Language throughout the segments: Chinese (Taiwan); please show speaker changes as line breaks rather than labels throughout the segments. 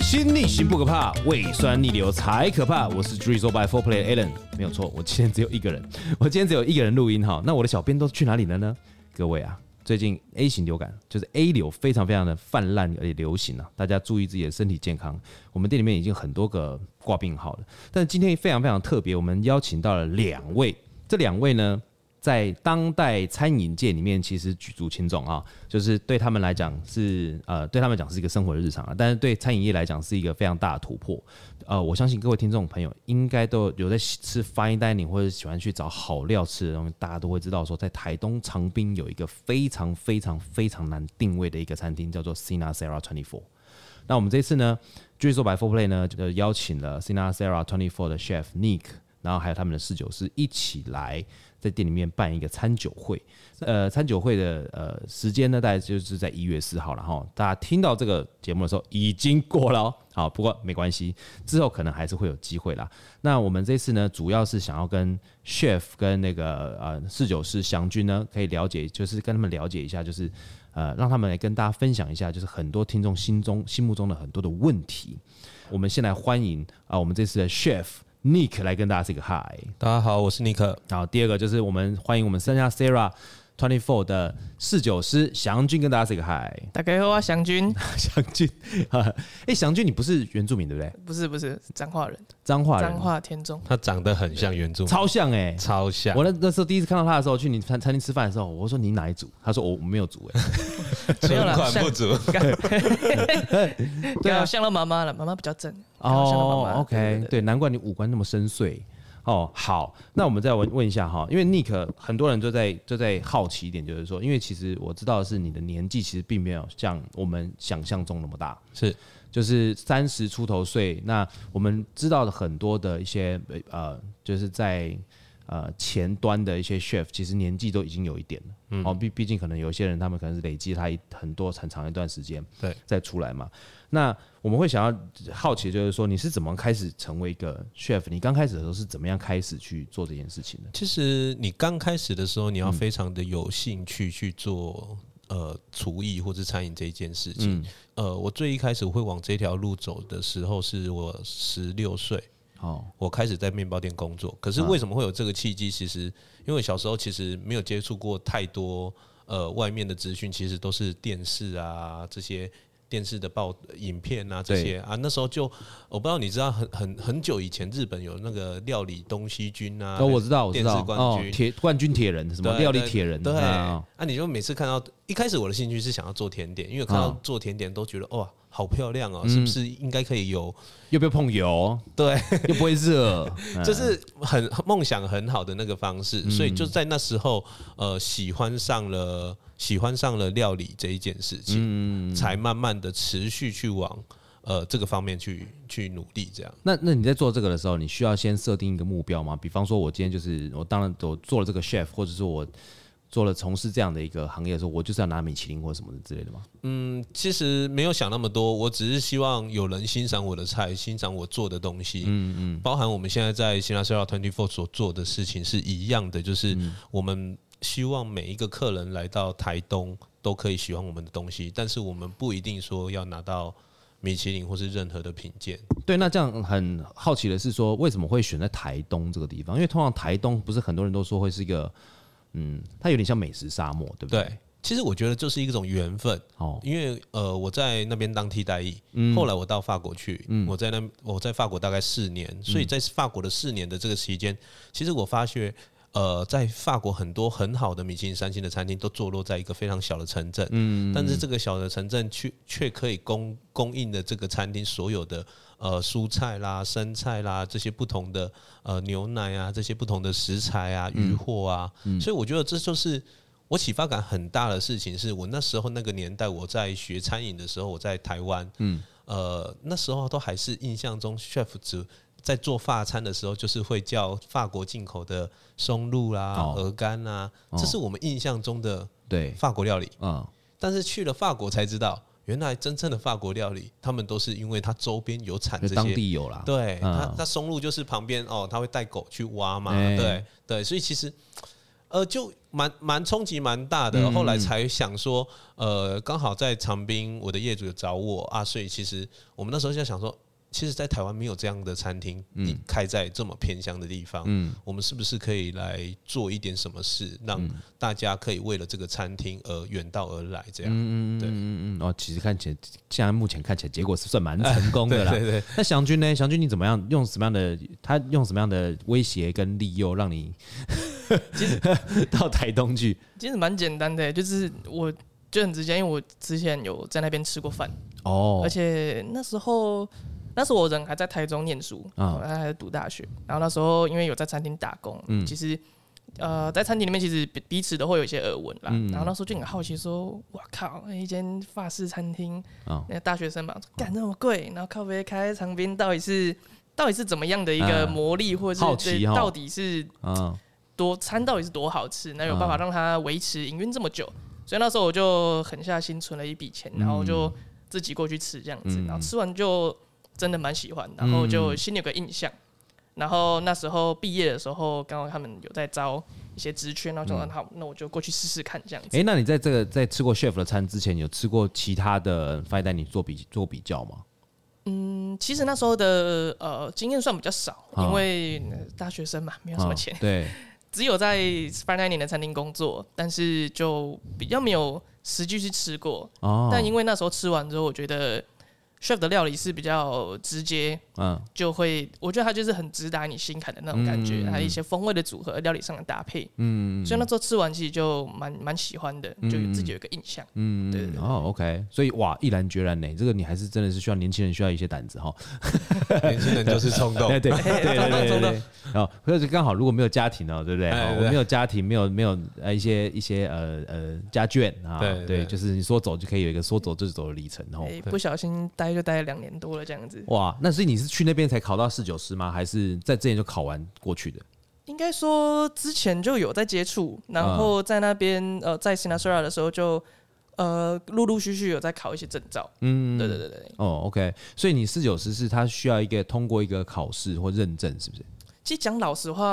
心逆行不可怕，胃酸逆流才可怕。我是 Drizzle by Four Play Allen，沒有錯，我今天只有一個人，我今天只有一個人錄音。好，那我的小編都去哪裡了呢？各位啊，最近 A 型流感就是 A 流非常非常的泛濫而且流行啊，大家注意自己的身體健康。我們店裡面已經很多個掛病號了，但今天非常非常特別，我們邀請到了兩位。這兩位呢？在當代餐飲界裡面，其實舉足輕重啊，就是對他們來講是呃，對他們講是一個生活的日常啊，但是對餐飲業來講是一個非常大的突破。呃，我相信各位聽眾朋友應該都有在吃 Fine Dining 或者喜歡去找好料吃的東西，大家都會知道說，在台東長濱有一個非常非常非常難定位的一個餐廳，叫做 Sinasera 24。那我們這次呢，據說 By Four Play 呢就邀請了 Sinasera 24的 Chef Nick，然後還有他們的侍酒師一起來。在店裡面辦一個餐酒會，呃，餐酒會的呃時間呢，大概就是在一月四號了哈。大家聽到這個節目的時候已經過了，好，不過沒關係，之後可能還是會有機會啦。那我們這次呢，主要是想要跟 chef 跟那個呃侍酒師翔鈞呢，可以了解，就是跟他們了解一下，就是呃讓他們來跟大家分享一下，就是很多聽眾心中心目中的很多的問題。我們先來歡迎啊、呃，我們這次的 chef。Nick 來跟大家說個 Hi，大家好，我是 Nick。然後第二個就是我們歡迎我們 Sinasera。Twenty Four 的侍酒師翔鈞跟大家 say 個嗨，大家好啊，翔鈞 翔鈞、 欸，翔鈞，哎，翔鈞，你不是原住民對不對？
不是，不是，彰化人，
彰化人，彰化田中，他長得很像原住民，超像哎、欸，超像。我那那時候第一次看到他的時候，去你餐餐廳吃飯的時候，我說你哪一族？他說我我沒有族哎、欸，沒 有不 不 對、 啊啊、了，不組。
對，像了媽媽了，媽媽比較正媽媽了哦，OK，對，對，
對，對，對，難怪你五官那麼深邃。哦，好，那我們再問問一下哈，因為 Nick 很多人都在就在好奇一點，就是說，因為其實我知道的是你的年紀其實並沒有像我們想象中那麼大，是，就是三十出頭歲。那我們知道的很多的一些呃，就是在呃前端的一些 chef，其實年紀都已經有一點了，嗯，哦，畢畢竟可能有些人他們可能是累積他很多很長一段時間，對，再出來嘛。那我們會想要好奇，就是說你是怎麼開始成為一個 chef？你剛開始的時候是怎麼樣開始去做這件事情的？
其實你剛開始的時候，你要非常的有興趣去做、嗯、呃廚藝或是餐飲這一件事情。嗯、呃，我最一開始會往這條路走的時候是我十六歲哦，我開始在面包店工作。可是為什麼會有這個契機？啊、其實因為小時候其實沒有接觸過太多呃外面的資訊，其實都是電視啊這些。電視的報影片啊、這些啊，那時候就我不知道，你知道很很很久以前日本有那個料理東西軍啊，哦，我知道，我知道，電視冠軍鐵、
哦、冠軍鐵人什麼料理鐵人對對對、
哦，對，啊，你就每次看到，一開始我的興趣是想要做甜點，因為看到做甜點都覺得，哦、哇。好漂亮哦、喔！是不是應該可以有、
嗯？又不要碰油，對，又不會熱， 就是
很夢想很好的那個方式、嗯。所以就在那時候，呃，喜歡上了喜歡上了料理這一件事情，嗯嗯、才慢慢的持續去往呃這個方面去去努力。這樣，
那那你在做這個的時候，你需要先設定一個目標嗎？比方說，我今天就是我當然我做了這個 chef，或者說我。做了從事這樣的一個行業的時候，我就是要拿米其林或什麼的之類的嗎？嗯，
其實沒有想那麼多，我只是希望有人欣賞我的菜，欣賞我做的東西。嗯嗯，包含我們現在在 sinasera 24所做的事情是一樣的，就是我們希望每一個客人來到台東都可以喜歡我們的東西，但是我們不一定說要拿到米其林或是任何的品鑑。
對，那這樣很好奇的是說，為什麼會選在台東這個地方？因為通常台東不是很多人都說會是一個。嗯，它有點像美食沙漠，對不對？對，
其實我覺得這是一種緣分哦，因為呃，我在那邊當替代役，嗯、後來我到法國去，嗯、我在那我在法國大概四年，所以在法國的四年的這個期間，其實我發覺，呃，在法國很多很好的米其林三星的餐廳都坐落在一個非常小的城鎮，嗯，嗯，嗯，但是這個小的城鎮卻卻可以供供應的這個餐廳所有的。呃，蔬菜啦，生菜啦，這些不同的呃，牛奶啊，這些不同的食材啊，嗯、魚貨啊、嗯，所以我覺得這就是我啟發感很大的事情。是我那時候那個年代，我在學餐飲的時候，我在台灣，嗯，呃，那時候都還是印象中，chef 在做法餐的時候，就是會叫法國進口的松露啦、啊、鵝肝啊、哦、哦，這是我們印象中的對法國料理。嗯，但是去了法國才知道。原來真正的法國料理，他們都是因為它周邊有產這些，當地有啦。對，嗯、他它松露就是旁邊哦，他會帶狗去挖嘛，欸，對對，所以其實，呃，就蠻蠻衝擊蠻大的。嗯、後來才想說，呃，剛好在長濱，我的業主有找我啊，所以其實我們那時候就想說。其實，在台灣沒有這樣的餐廳，你開在這麼偏鄉的地方。嗯，我們是不是可以來做一點什麼事，讓大家可以為了這個餐廳而遠道而來？這樣，嗯嗯嗯，嗯
然後、嗯哦，其實看起來，現在目前看起來，結果是算蠻成功的啦。哎、對對，對那翔鈞呢？翔鈞你怎麼樣？用什麼樣的？他用什麼樣的威脅跟利誘讓你？其實 到台東去，
其實蠻簡單的，就是我就很直接，因為我之前有在那邊吃過飯哦，而且那時候。那時候我人還在台中念書，然後我還在讀大學。啊、然後那時候因為有在餐廳打工，嗯、其實呃在餐廳裡面其實彼此都會有一些耳聞吧。嗯、然後那時候就很好奇說，說哇靠，那一間法式餐廳，啊、那個大學生嘛，幹那麼貴？然後靠別開長邊，到底是到底是怎麼樣的一個魔力，啊、或者是、哦、到底是多餐，到底是多好吃？那有辦法讓它維持營運、啊、這麼久？所以那時候我就狠下心存了一筆錢，然後就自己過去吃這樣子，嗯、然後吃完就。真的蠻喜歡，然後就心裡有個印象。嗯、然後那時候畢業的時候，剛好他們有在招一些職缺，然後就很好、嗯，那我就過去試試看這樣子。哎、欸，那你
在這個在吃過 Chef 的餐之前，有吃過其他的 fine dining 做比做比較嗎？
嗯，其實那時候的呃經驗算比較少，哦、因為大學生嘛，沒有什麼錢，對、嗯，只有在 fine dining 的餐廳工作，但是就比較沒有實際去吃過。哦，但因為那時候吃完之後，我覺得。Chef 的料理是比較直接。嗯，就會，我覺得它就是很直達你心坎的那種感覺，他、嗯、一些風味的組合，料理上的搭配，嗯，所以那時候吃完其實就蠻蠻喜歡的，就自己有一個印象，嗯
對，對，對。嗯哦，OK，所以哇，毅然決然呢、欸，這個你還是真的是需要年輕人需要一些膽子哈，哦、 年輕人就是衝動對對對，對對對對，對對。然後或者是剛好如果沒有家庭呢、哦，對不對、哎對，對，對哦？我沒有家庭，沒有沒有呃一些一些呃呃家眷啊、哦，對對，對，對，就是你說走就可以有一個說走就走的里程，然、哦、後、欸、不
小心待就待了兩年多了這樣子，哇，
那所以你是。去那邊才考到四九師嗎？還是在這前就考完過去的？
應該說之前就有在接觸，然後在那邊呃、呃，在新 i n a 的時候就呃，陸陸續續有在考一些證照。
嗯，對對對對哦。哦，OK，所以你四九師是他需要一個通過一個考試或認證，是不是？
其實講老實話，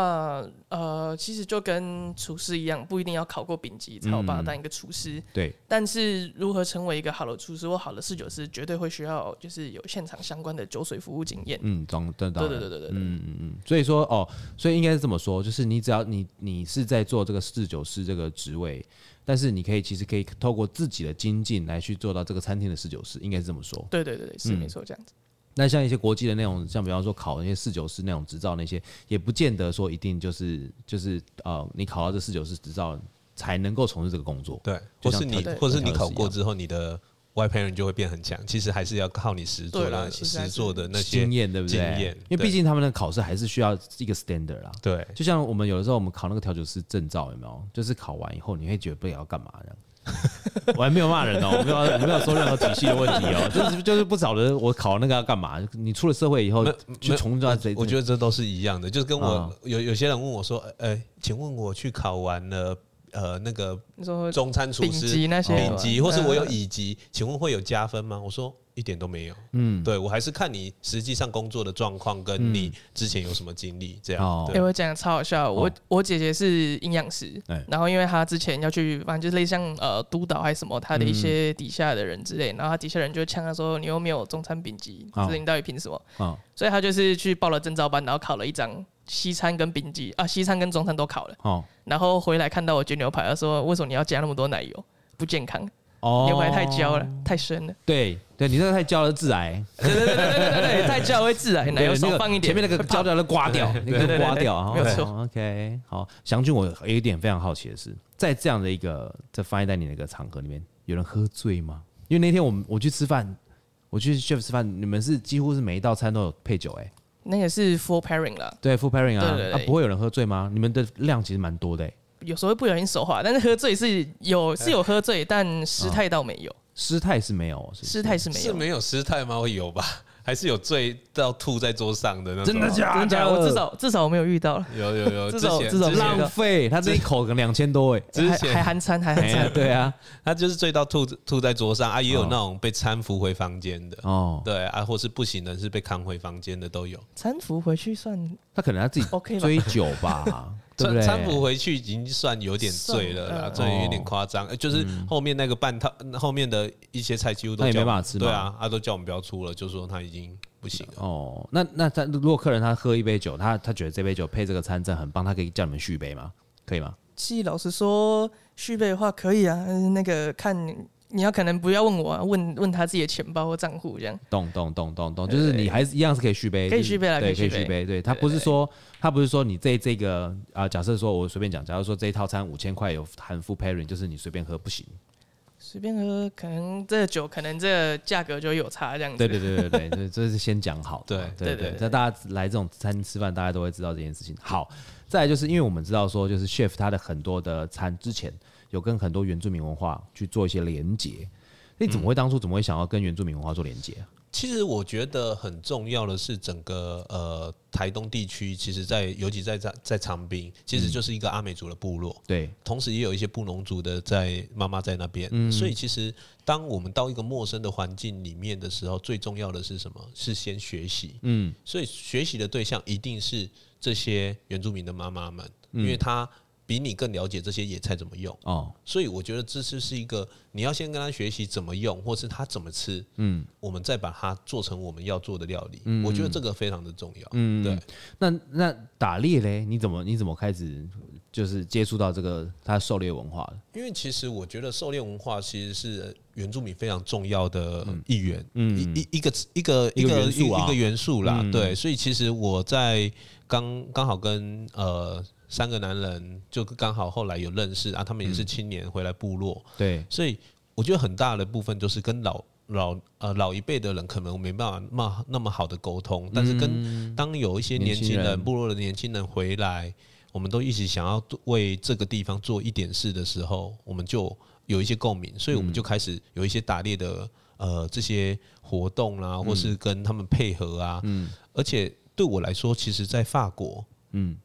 呃，其實就跟廚師一樣，不一定要考過丙級才有辦法當一個廚師，嗯。對。但是如何成為一個好的廚師或好的侍酒師，絕對會需要就是有現場相關的酒水服務經驗。
嗯，等等，等對對對嗯嗯嗯。所以說哦，所以應該是這麼說，就是你只要你你是在做這個侍酒師這個職位，但是你可以其實可以透過自己的精進來去做到這個餐廳的侍酒師，應該是這麼說。對對對對，是，嗯，沒錯，這樣子。那像一些國際的那種，像比方說考些那，那些侍酒師那種執照，那些也不見得說一定就是就是呃，你考到這侍酒師執照才能夠從事這個工作。對，
或是你，或者是你考過之後，你的外派人就會變很強。其實還是要靠你實做的、實做的那些經驗，對，經對不對？對，因為畢竟
他們的考試還是需要一個 standard 啦。對，就像我們有的時候我們考那個調酒師證照，有沒有？就是考完以後你會覺得不要幹嘛的 我還沒有罵人哦，我沒有我沒有說任何體系的問題哦，就是就是不找人，我考那個要幹嘛？你出了社會以後去重抓誰？我覺得這都是一樣的，就是跟我、哦、有有
些人問我說：“呃、欸，請問我去考完了呃那個中餐廚師丙級那些、啊、丙級，或是我有乙級，請問會有加分嗎？”我說。一點都沒有，嗯，嗯，對，我還是看你實際上工作的狀況，跟你之前有什麼經歷這樣。嗯、對、欸、我講
超好笑的，我、哦、我姐姐是營養師，欸、然後因為她之前要去，反正就是類似像呃督導還是什麼，她的一些底下的人之類，嗯、然後她底下人就嗆她說，你又沒有中餐丙級，是、哦、你到底憑什麼？哦、所以她就是去報了證照班，然後考了一張西餐跟丙級啊，西餐跟中餐都考了，哦，然後回來看到我煎牛排，她說為什麼你要加那麼多奶油，不健康。牛排太焦了，太深了。
對對，對,對,對,對,對，你這個太焦了自，致癌，那個。對
對對對對，太焦會致癌。那要少放一點。前面那個焦掉的刮掉，那個刮掉。沒有錯。
OK，好，翔鈞，我有一點非常好奇的是，在這樣的一個在翻譯在你那個場合裡面，有人喝醉嗎？因為那天我們我去吃飯，我去 chef 吃飯，你們是幾乎是每一道菜都有配酒、欸，
哎，那個是 full pairing 了，
對 full pairing 啊，不會有人喝醉嗎？你們的量其實蠻多的、欸。
有時候會不小心手滑，但是喝醉是有是有喝醉，但失態倒沒有。
失、啊、態、哦、是沒有，失態是沒有，是
沒
有失態嗎？有吧？還是有醉到吐在桌上的那種？真的假
的？啊、假的，我至少
至少我沒有遇到了。有有
有，至少至少浪費他這一口可能兩千多哎。
還寒餐，還寒餐，
對啊，
他就是醉到吐吐在桌上啊，也有那種被攙扶回房間的哦，對啊，或是不行的是被扛回房間的都有。
攙扶回去算他可能他自己 OK 追酒吧。Okay 對對，餐餐補回去
已經算有點醉了啦了，這有點誇張哦。就是後面那個半套，後面的一些菜幾乎都沒辦法吃，對啊，他都叫我們不要出了，就說他已
經不行了。哦，那那他如果客人他喝一杯酒，他他覺得這杯酒配這個餐真的很棒，他可以叫你們續杯嗎？可以嗎？
其實老實說，續杯的話可以啊，那個看。你要可能不要問我、啊，問問他自己的錢包或賬戶這
樣。動動動動就是你還是一樣是可以續杯，對對對可以續杯來，對，可以續杯。對他不是說他不是說你在這,這個啊、呃，假設說我隨便講，假如說這一套餐五千塊有含 food pairing 就是你隨便喝不行。
隨便喝，可能這個酒可能這價格就有差這樣子。對對對對
對，這、 就是先講好的，對對對,對,對。那大家來這種餐廳吃飯，大家都會知道這件事情。好，再來就是因為我們知道說，就是 Chef 他的很多的餐之前。有跟很多原住民文化去做一些連接，
你怎麼會
當初怎麼會想要跟原住民文化做連接、啊嗯、
其實我覺得很重要的是，整個呃台東地區，其實在，在尤其在在在長濱，其實就是一個阿美族的部落，對、嗯，同時也有一些布農族的在媽媽在那邊、嗯，所以其實當我們到一個陌生的環境裡面的時候，最重要的是什麼？是先學習，嗯，所以學習的對象一定是這些原住民的媽媽們、嗯，因為她。比你更了解這些野菜怎麼用哦，所以我覺得這次是一個你要先跟他學習怎麼用，或是他怎麼吃，
嗯，
我們再把它做成我們要做的料理。嗯、我覺得這個非常的重要。嗯，
對。那那打獵嘞？你怎麼你怎麼開始就是接觸到這個他狩獵文化？
因為其實我覺得狩獵文化其實是原住民非常重要的一員，嗯
一，一一，一個
一個一個元素，啊、一個元素啦。啊、對，所以其實我在剛剛好跟呃。三個男人就剛好後來有認識啊，他們也是青年回來部落。嗯、對，所以我覺得很大的部分就是跟老老呃老一輩的人可能沒辦法那麼那麼好的溝通，但是跟當有一些年輕人、嗯、年輕人部落的年輕人回來，我們都一起想要為這個地方做一點事的時候，我們就有一些共鳴，所以我們就開始有一些打獵的、嗯、呃這些活動啦、啊，或是跟他們配合啊。嗯，而且對我來說，其實在法國，嗯。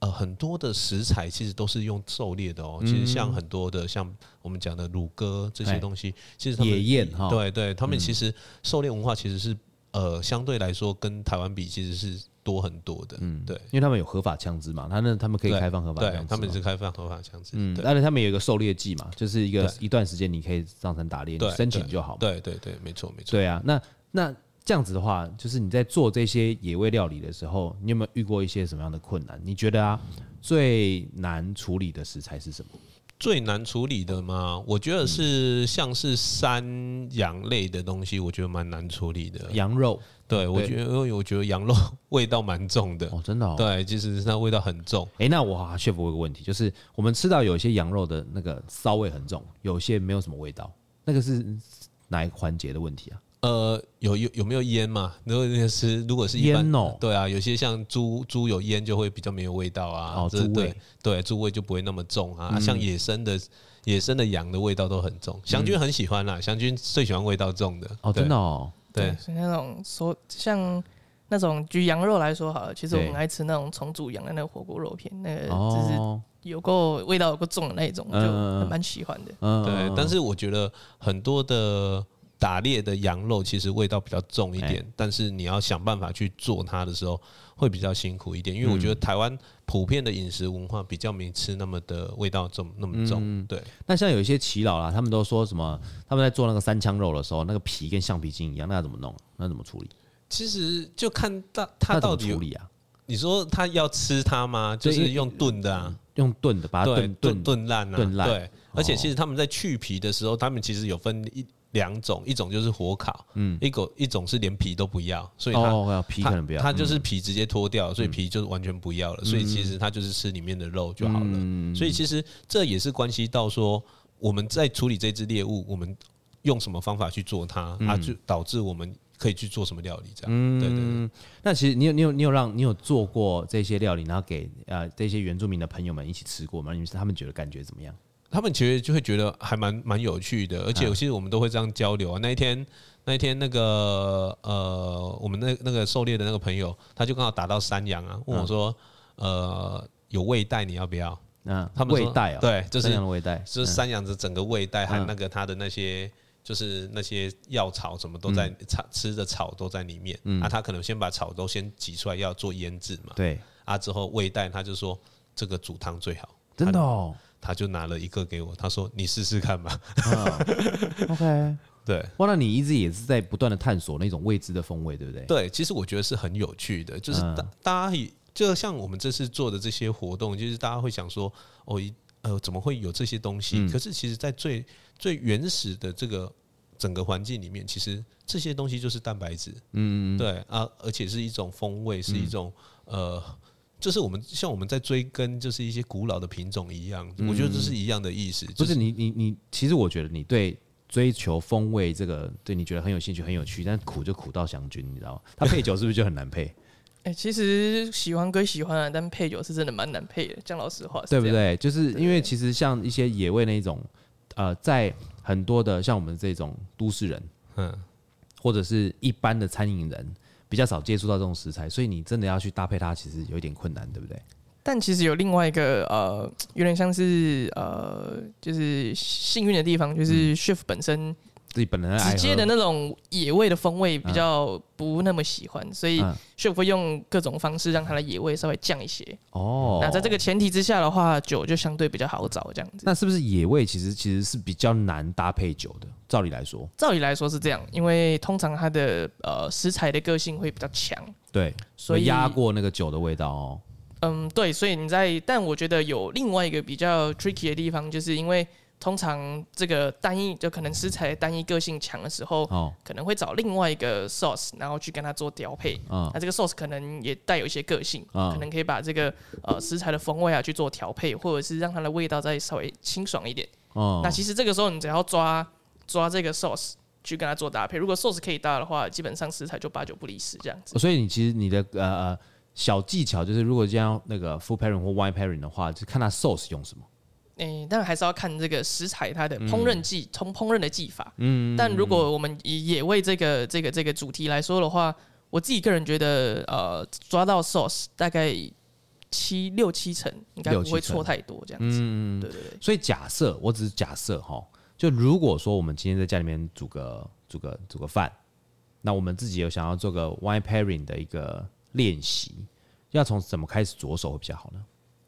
呃，很多的食材其實都是用狩獵的哦、喔嗯。其實像很多的，像我們講的乳鴿這些東西，欸、其實他們也對對，他們其實狩獵文化其實是、嗯、呃，
相對來說跟台灣比其實是多很多的。嗯，對，因為他們有合法槍支嘛，他們他們可以開放合法槍支，他們也是開放
合法槍支。嗯，
而且他們有一個狩獵季嘛，就是一個一段時間你可以上山打獵，對申請就好嘛。
對，對對對，沒錯沒錯。
對啊，那那。這樣子的話，就是你在做這些野味料理的時候，你有沒有遇過一些什麼樣的困難？你覺得啊，最難處理的食材是什麼？最難處理的嗎？我覺得
是像是山羊類的東西，我覺得蠻難處理的。羊肉，對，
對我覺得，因為我覺得羊肉 味道蠻重的。哦，真的、哦，對，其實是它味道很重。哎、欸，那我還想問一個問題，就是我們吃到有一些羊肉的那個騷味很重，有些沒有什麼味道，那個是哪一個環節的問題啊？
呃，有有有沒有煙嘛？然後吃，如果是煙、喔、對啊，有些像豬豬有煙就會比較沒有味道啊，豬、哦、味對豬味就不會那麼重啊。嗯、像野生的野生的羊的味道都很重，翔鈞很喜歡啦。翔、嗯、鈞最喜歡味道重的哦，真的哦，對。
像、喔、那種說，像那種就羊肉來說，哈。其實我很愛吃那種重組羊的那個火鍋肉片，那個就是有夠味道有夠重的那種，嗯、就蠻喜歡的、嗯嗯。對，但是
我覺得很多的。打獵的羊肉，其實味道比較重一點，欸、但是你要想辦法去做它的時候會比較辛苦一點，因為我覺得台灣普遍的飲食文化比較沒吃那麼的味道重，那麼重。對，
嗯、那像有一些耆老啦，他們都說什麼？他們在做那個山羌肉的時候，那個皮跟橡皮筋一樣，那要怎麼弄？那怎麼處理？
其實就看到他，他到底處理啊？你說他要吃它嗎？就是用燉的啊，
用燉的把它燉燉燉爛啊，對，而且其
實他們在去皮的時候，他們其實有分一。兩種，一種就是火烤，嗯，一個一種是連皮都不要，所以它、哦，皮可能不要，它就是皮直接脫掉，所以皮就是完全不要了、嗯，所以其實它就是吃裡面的肉就好了。嗯、所以其實這也是關係到說，我們在處理這隻獵物，我們用什麼方法去做它，它就導致我們可以去做什麼料理
這樣。嗯、對對對。那其實你有你有你有讓你有做過這些料理，然後給呃這些原住民的朋友們一起吃過嗎？你們是他們覺得感覺怎麼樣？他們其實就會覺得還蠻蠻
有趣的，而且其實我們都會這樣交流啊。啊那一天，那一天，那個呃，我們那個、那個狩獵的那個朋友，他就剛好打到山羊啊，問我說：“啊、呃，有胃袋你要不要？”嗯、啊，他們胃袋啊，哦、對，就是山羊的胃袋，味嗯、就是山羊的整個胃袋和那個它的那些、嗯、就是那些藥草什麼都在吃、嗯嗯、吃的草都在裡面。嗯嗯啊、他可能先把草都先擠出來要做醃制嘛。對，啊，之後胃袋他就說這個煮湯最好，真的哦。他就拿了一個給我，他說：“你試試看吧。
Oh,” OK， 對。哇，那你一直也是在不斷的探索那種未知的風味，對不對？
對，其實我覺得是很有趣的，就是大大家也就像我們這次做的這些活動，就是大家會想說：“哦，呃，怎麼會有這些東西？”嗯、可是其實在最最原始的這個整個環境裡面，其實這些東西就是蛋白質。嗯嗯對。對啊，而且是一種風味，是一種、嗯、呃。就是我們像我們在追根，就是一些古老的品種一樣，我覺得這是一樣的意思、嗯。不
是你你你，其實我覺得你對追求風味這個，對你覺得很有興趣，很有趣，但苦就苦到翔鈞，你知道嗎？他配酒是不是就很難配？
哎、 欸，其實喜歡歸喜歡啊，但配酒是真的蠻難配的。講老實話，對不對？
就是因為其實像一些野味那種，呃，在很多的像我們這種都市人，嗯，或者是一般的餐飲人。比較少接觸到這種食材，所以你真的要去搭配它，其實有一點困難，對不對？
但其實有另外一個呃，有點像是呃，就是幸運的地方，就是 Chef 本身，自己本人直接的那種野味的風味比較不那麼喜歡，嗯，所以就會用各種方式讓它的野味稍微降一些。哦，那在這個前提之下的話，酒就相對比較好找這樣子。
那是不是野味其實其實是比較難搭配酒的？照理來說，
照理來說是這樣，因為通常它的呃食材的個性會比較強，
對，所以壓過那個酒的味道
哦。嗯，對，所以你在，但我覺得有另外一個比較 tricky 的地方，就是因為。通常這個單一就可能食材單一個性強的時候，哦、oh.，可能會找另外一個 sauce，然後去跟它做調配。啊、oh.，那這個 sauce 可能也帶有一些個性，oh. 可能可以把這個呃食材的風味啊去做調配，或者是讓它的味道再稍微清爽一點。哦、oh.，那其實這個時候你只要抓抓這個 sauce 去跟它做搭配，如果 sauce 可以搭的話，基本上食材就八九不離十這樣子，
哦。所以你其實你的呃小技巧就是，如果這樣，那個 food pairing 或 wine pairing 的話，就看它 sauce 用什麼。
誒、欸，但還是要看這個食材它的烹飪技，從、嗯、烹飪的技法。嗯，但如果我們以野味這個這個這個主題來說的話，我自己個人覺得，呃，抓到 sauce 大概七六七成，應該不會錯太多這樣子。嗯，對
對對。所以假設，我只是假設哈，就如果說我們今天在家裡面煮個煮個煮個飯，那我們自己有想要做個 wine pairing 的一個練習，要從怎麼開始着手會比較好呢？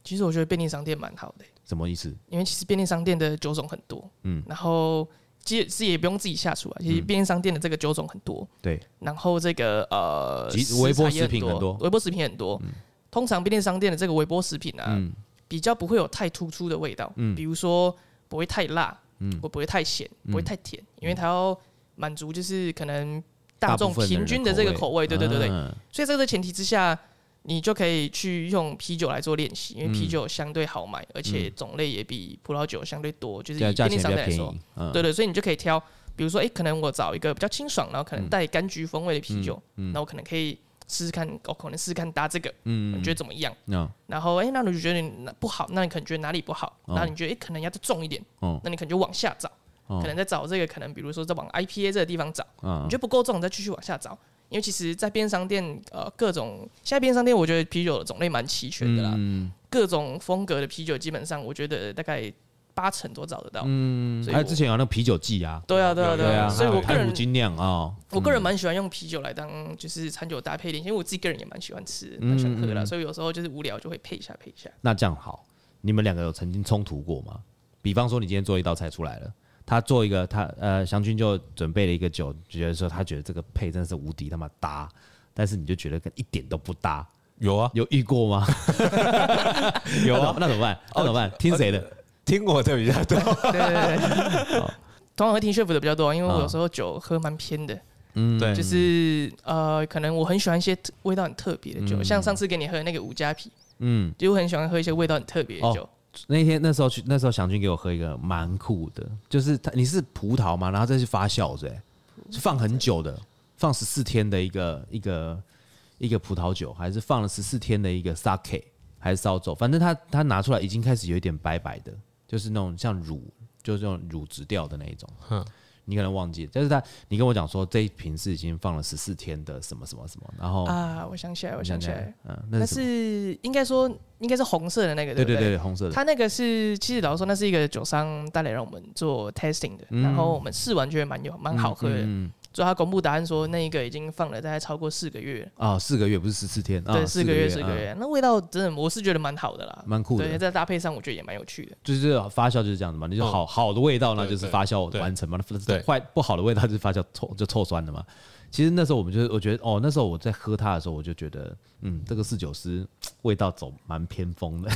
其實我覺得便利商店蠻好的、欸，什麼意思？因為其實便利商店的酒種很多，嗯，然後其實也不用自己下廚啊。其實便利商店的這個酒種很多，對、嗯。然後這個呃微波食品也，微波食品很多，微波食品很多。嗯、通常便利商店的這個微波食品啊、嗯，比較不會有太突出的味道，嗯、比如說不會太辣，嗯，或不會太鹹、嗯，不會太甜，嗯、因為它要滿足就是可能大眾平均的這個口味，口味對對對對。啊、所以在這個前提之下。你就可以去用啤酒來做練習，因為啤酒相對好買，嗯、而且種類也比葡萄酒相對多，嗯、就是以便利商店來說，嗯、對，對對，所以你就可以挑，比如說，誒、欸，可能我找一個比較清爽，然後可能帶柑橘風味的啤酒，那、嗯嗯、我可能可以試試看，我可能試試看搭這個，嗯、你覺得怎麼樣？嗯、然後，誒、欸，那你就覺得不好，那你可能覺得哪裡不好？那、哦、你覺得，誒、欸，可能要再重一點，哦、那你可能就往下找，哦、可能再找這個，可能比如說再往 IPA 這個地方找，嗯、你覺得不夠重，你再繼續往下找。因為其實，在便利商店，呃，各種現在便利商店，我覺得啤酒的種類蠻齊全的啦，各種風格的啤酒，基本上我覺得大概八成都找得到。嗯，還有之前有那個啤
酒劑啊，對啊，對啊，對啊。啊、所以，我個人精釀啊，
我個人蠻喜歡用啤酒來當就是餐酒搭配點，因為我自己個人也蠻喜歡吃、蠻喜歡喝的啦，所以有時候就是無聊就會配一下、配一下。那
這樣好，你們兩個有曾經衝突過嗎？比方說，你今天做一道菜出來了。他做一個，他呃，翔鈞就準備了一個酒，覺得說他覺得這個配真的是無敵他媽搭，但是你就覺得跟一點都不搭。有啊，有，有遇過嗎？ 有、啊，那怎麼辦？哦，怎麼辦？聽誰的、哦？聽我的比較多。對對
對、對、 哦。通常會聽師傅的比較多，因為我有時候酒喝蠻偏的。嗯。對。就是呃，可能我很喜歡一些味道很特別的酒、嗯，像上次給你喝的那個五加皮。嗯。就我很喜歡喝一些味道很特別的酒。哦
那天那時候去，那時候翔鈞給我喝一個蠻酷的，就是他你是葡萄嘛，然後再去發酵是，是放很久的，放十四天的一個一個一個葡萄酒，還是放了十四天的一個 sake，還是燒酒，反正他他拿出來已經開始有一點白白的，就是那種像乳，就是那種乳汁掉的那一種。嗯你可能忘記，但、就是他，你跟我講說，這一瓶是已經放了十四天的什麼什麼什麼，然後啊，
我想起來，我想起來，嗯、啊，那是，是應該說應該是紅色的那個對不對？對對對，紅色的。他那個是，其實老實說，那是一個酒商帶來讓我們做 testing 的，嗯、然後我們試完覺得蠻有，蠻好喝的。嗯嗯嗯最後他公布答案說，那一個已經放了大概超過四個月啊、
哦，四個月不是十四天、哦，對，四個月，四個月、嗯，四個月，那
味道真的，我是覺得蠻好的啦，蠻酷的。對，在搭配上，我覺得也蠻有趣的。
就是發酵就是這樣子嘛，你就好、哦、好，好的味道呢，對對對就是發酵完成嘛，對，對，壞不好的味道就是發酵臭就臭酸的嘛。其實那時候我們就是，我覺得哦，那時候我在喝它的時候，我就覺得，嗯，這個侍酒師味道走蠻偏鋒的，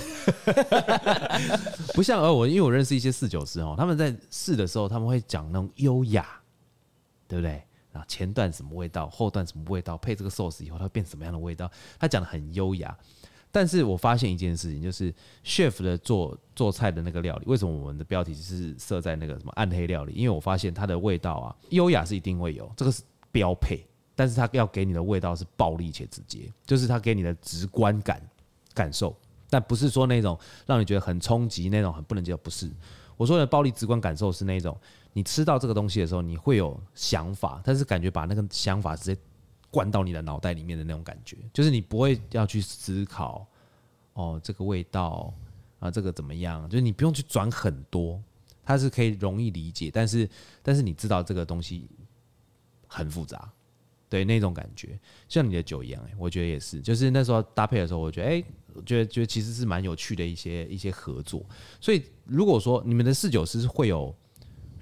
不像而我，因為我認識一些侍酒師哦，他們在試的時候，他們會講那種優雅。對不對？啊，前段什麼味道，後段什麼味道，配這個 sauce 以後，它會變什麼樣的味道？他講的很優雅，但是我發現一件事情，就是 chef 的做做菜的那個料理，為什麼我們的標題是設在那個什麼暗黑料理？因為我發現它的味道啊，優雅是一定會有，這個是標配，但是它要給你的味道是暴力且直接，就是它給你的直觀感感受，但不是說那種讓你覺得很衝擊那種，很不能接受。不是，我說的暴力直觀感受是那種。你吃到這個東西的時候，你會有想法，但是感覺把那個想法直接灌到你的腦袋裡面的那種感覺，就是你不會要去思考哦，這個味道啊，這個怎麼樣？就是你不用去轉很多，它是可以容易理解，但是但是你知道這個東西很複雜，對那種感覺像你的酒一樣，欸，我覺得也是，就是那時候搭配的時候，我覺得誒、欸，我覺得覺得其實是蠻有趣的一些一些合作。所以如果說你們的侍酒師會有。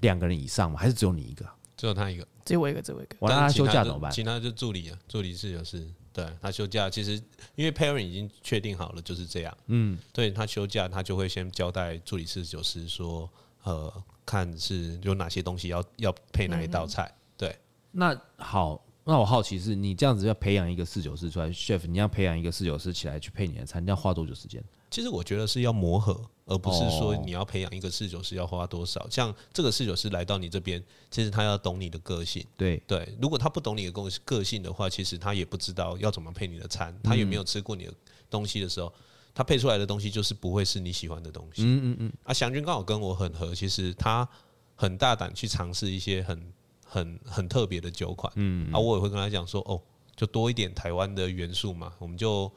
兩個人以上嗎？還是只有你一個？
只有他一個，只有我一個，只有我一個。那他休假怎麼辦？其他，其他就助理啊，助理是就是對他休假，其實因為 pairing 已經確定好了，就是這樣。嗯，對他休假，他就會先交代助理是就是說呃，看是有哪些
東西要要配哪一道菜。嗯、對，那好。那我好奇是，你這樣子要培養一個侍酒師出來 Chef, 你要培養一個侍酒師起來去配你的餐，你要花多久時間？其實我覺得是要磨合，而不是說你
要培養一個侍酒師要花多少。Oh. 像這個侍酒師來到你這邊，其實他要懂你的個性。對對，如果他不懂你的個個性的話，其實他也不知道要怎麼配你的餐，嗯。他也沒有吃過你的東西的時候，他配出來的東西就是不會是你喜歡的東西。
嗯嗯嗯。
啊，翔鈞剛好跟我很合，其實他很大膽去嘗試一些很。很很特別的酒款，嗯，啊，我也會跟他講說，哦，就多一點台灣的元素嘛，我們就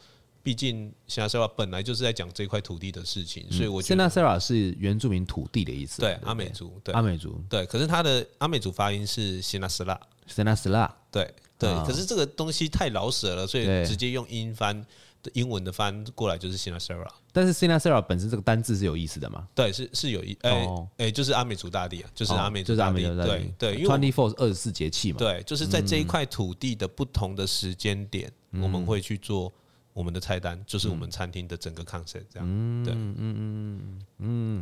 畢竟 sinasera 本來就是在講這塊土地的事情，嗯、所以我覺得
sinasera 是原住民土地的意思，對，對阿美族對，阿美族，
對，可是他的阿美族發音是塞納斯拉，
塞納斯拉，
對對、哦，可是這個東西太老舍了，所以直接用音翻。英文的翻過來就是 Sinasera
但是 Sinasera 本身這個單字是有意思的嘛？對，是
是有意哎哎，就是阿美族大地啊，就是阿美族、哦，就是阿美族大地。對、啊、對，Twenty Four 是二十四節氣嘛？對，就是在這一塊土地的不同的時間點、嗯，我們會去做我們的菜單，就是我們餐廳的整個 concept 這樣。
嗯，對，嗯嗯嗯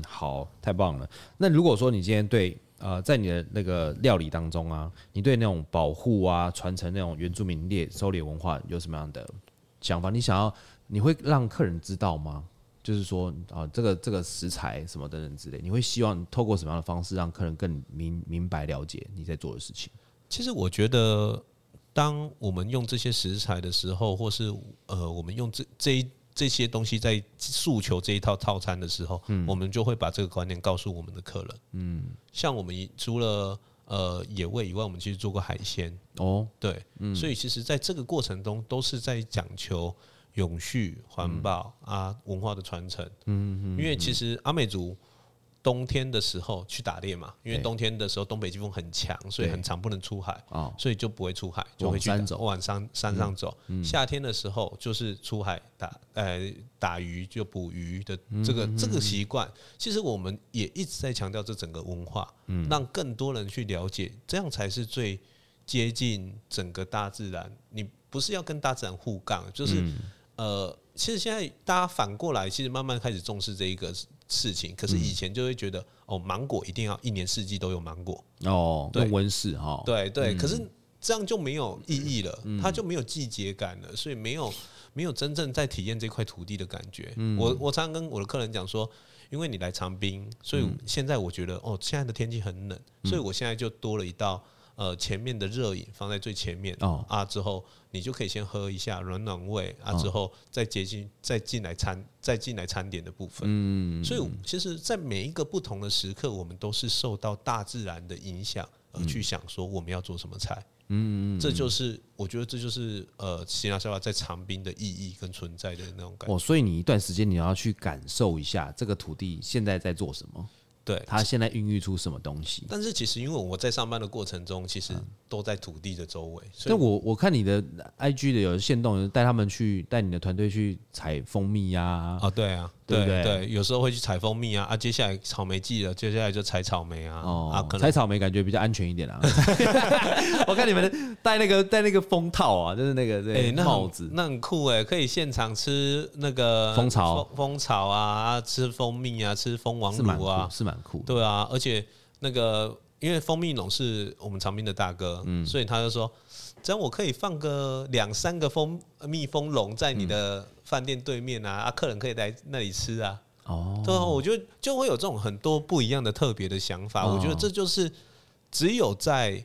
嗯，好，太棒了。那如果說你今天對呃，在你的那個料理當中啊，你對那種保護啊、傳承那種原住民獵狩獵文化有什麼樣的？想法，你想要，你會讓客人知道嗎？就是說，啊，這個這個食材什麼等等之類，你會希望透過什麼樣的方式讓客人更明明白了解你在做的事情？其實我覺得，當我們用這些
食材的時候，或是呃，我們用這這這些東西在訴求這一套套餐的時候，嗯，我們就會把這個觀念告訴我們的客人，嗯，像我們除了。呃，野味以外，我們其實做過海鮮哦，對，嗯、所以其實在這個過程中都是在講求永續、環、嗯、保啊、文化的傳承。
嗯嗯，因為其實
阿美族。冬天的時候去打獵嘛，因為冬天的時候東北季風很強，所以很常不能出海，哦，所以就不會出海，就會去往山走，上山上走，嗯。夏天的時候就是出海打，呃，打魚就捕魚的這個，嗯、哼哼哼這個習慣，其實我們也一直在強調這整個文化，嗯哼哼，讓更多人去了解，這樣才是最接近整個大自然。你不是要跟大自然互槓，就是，嗯、哼哼呃，其實現在大家反過來，其實慢慢開始重視這一個。事情，可是以前就會覺得、嗯、哦，芒果一定要一年四季都有芒果
哦，用溫室哈、哦，對對，嗯、可是
這樣就沒有意義了，嗯、它就沒有季節感了，所以沒有沒有真正在體驗這塊土地的感覺。嗯、我我常跟我的客人講說，因為你來長濱，所以現在我覺得、嗯、哦，現在的天氣很冷，所以我現在就多了一道。呃，前面的熱飲放在最前面，oh. 啊之後你就可以先喝一下，暖暖胃，啊、oh. 之後再接近再進來餐再進來餐點的部
分。嗯、mm -hmm.，所以
其實，在每一個不同的時刻，我們都是受到大自然的影響而去想說我們要做什麼菜。嗯、
mm -hmm.，這就
是我覺得這就是呃，Sinasera 在長濱的意義跟存在的那種
感覺。Oh, 所以你一段時間你要去感受一下這個土地現在在做什麼。對，他現在孕育出什麼東西？但
是其實，因為我在上班的過程中，其實都在土地的周圍。所以我
我，我看你的 IG 的有限動，帶他們去，帶你的團隊去採蜂蜜呀、啊？啊、哦，對啊。對對,對,對，
有時候會去採蜂蜜啊啊！接下來草莓季了，接下來就採草莓啊、哦、啊！可能採草莓
感覺比較安全一點啊 。
我看你們戴那個戴那個蜂套啊，就是那個那帽子，那很,那很酷哎、欸！可以現場吃那個蜂巢蜂巢啊,啊，吃蜂蜜啊，吃蜂王乳啊，是蠻酷,是滿酷。對啊，而且那個因為蜂蜜農是我們長濱的大哥、嗯，所以他就說。只要我可以放個兩三個蜂蜜蜂籠在你的飯店對面啊，啊，客人可以在那裡吃啊、嗯。哦，對，我覺得就會有這種很多不一樣的特別的想法。我覺得這就是只有在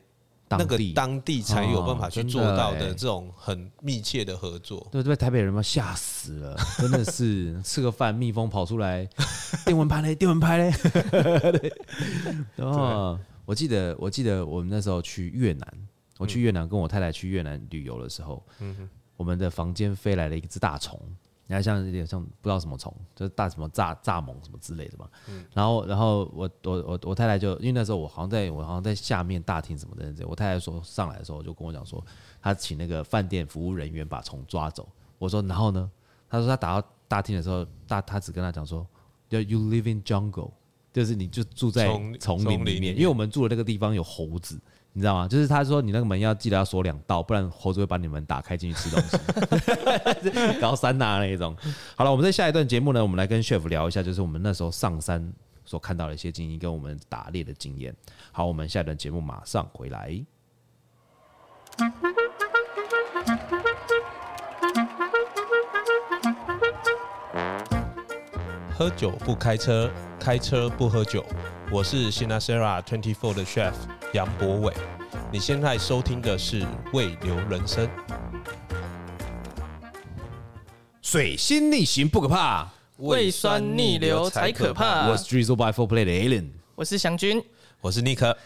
那個當地才有辦法去做到的這種很密切的合作、哦。哦
欸、對，對，對，被台北人們嚇死了，真的是吃個飯蜜蜂跑出來， 電蚊拍嘞，電蚊拍嘞。哦， 我記得，我記得我們那時候去越南。我去越南跟我太太去越南旅遊的時候、嗯，我們的房間飛來了一隻大蟲，你看像有點像不知道什麼蟲，就是大什麼蚱蚱蜢什麼之類的嘛。嗯、然後，然後我我我我太太就因為那時候我好像在我好像在下面大廳什麼的，我太太說上來的時候就跟我講說，她請那個飯店服務人員把蟲抓走。我說然後呢？她說她打到大廳的時候，大她只跟她講說，叫 You live in jungle，就是你就住在叢林,林裡面，因為我們住的那個地方有猴子。你知道嗎？就是他說你那個門要記得要鎖兩道，不然猴子會把你門打開進去吃東西， 高三吶那一種。好了，我們在下一段節目呢，我們來跟 Chef 聊一下，就是我們那時候上山所看到的一些經驗跟我們打獵的經驗。好，我們下一段節目馬上回來。
喝酒不開車，開車不喝酒。我是 Sinasera Twenty Four 的 Chef。楊博偉，你現在收聽的是《胃流人生》。
水星逆行不可怕，胃酸逆流才可怕。我是 Drizzle by Four Play 的 Allen，
我是翔鈞，我是
尼克。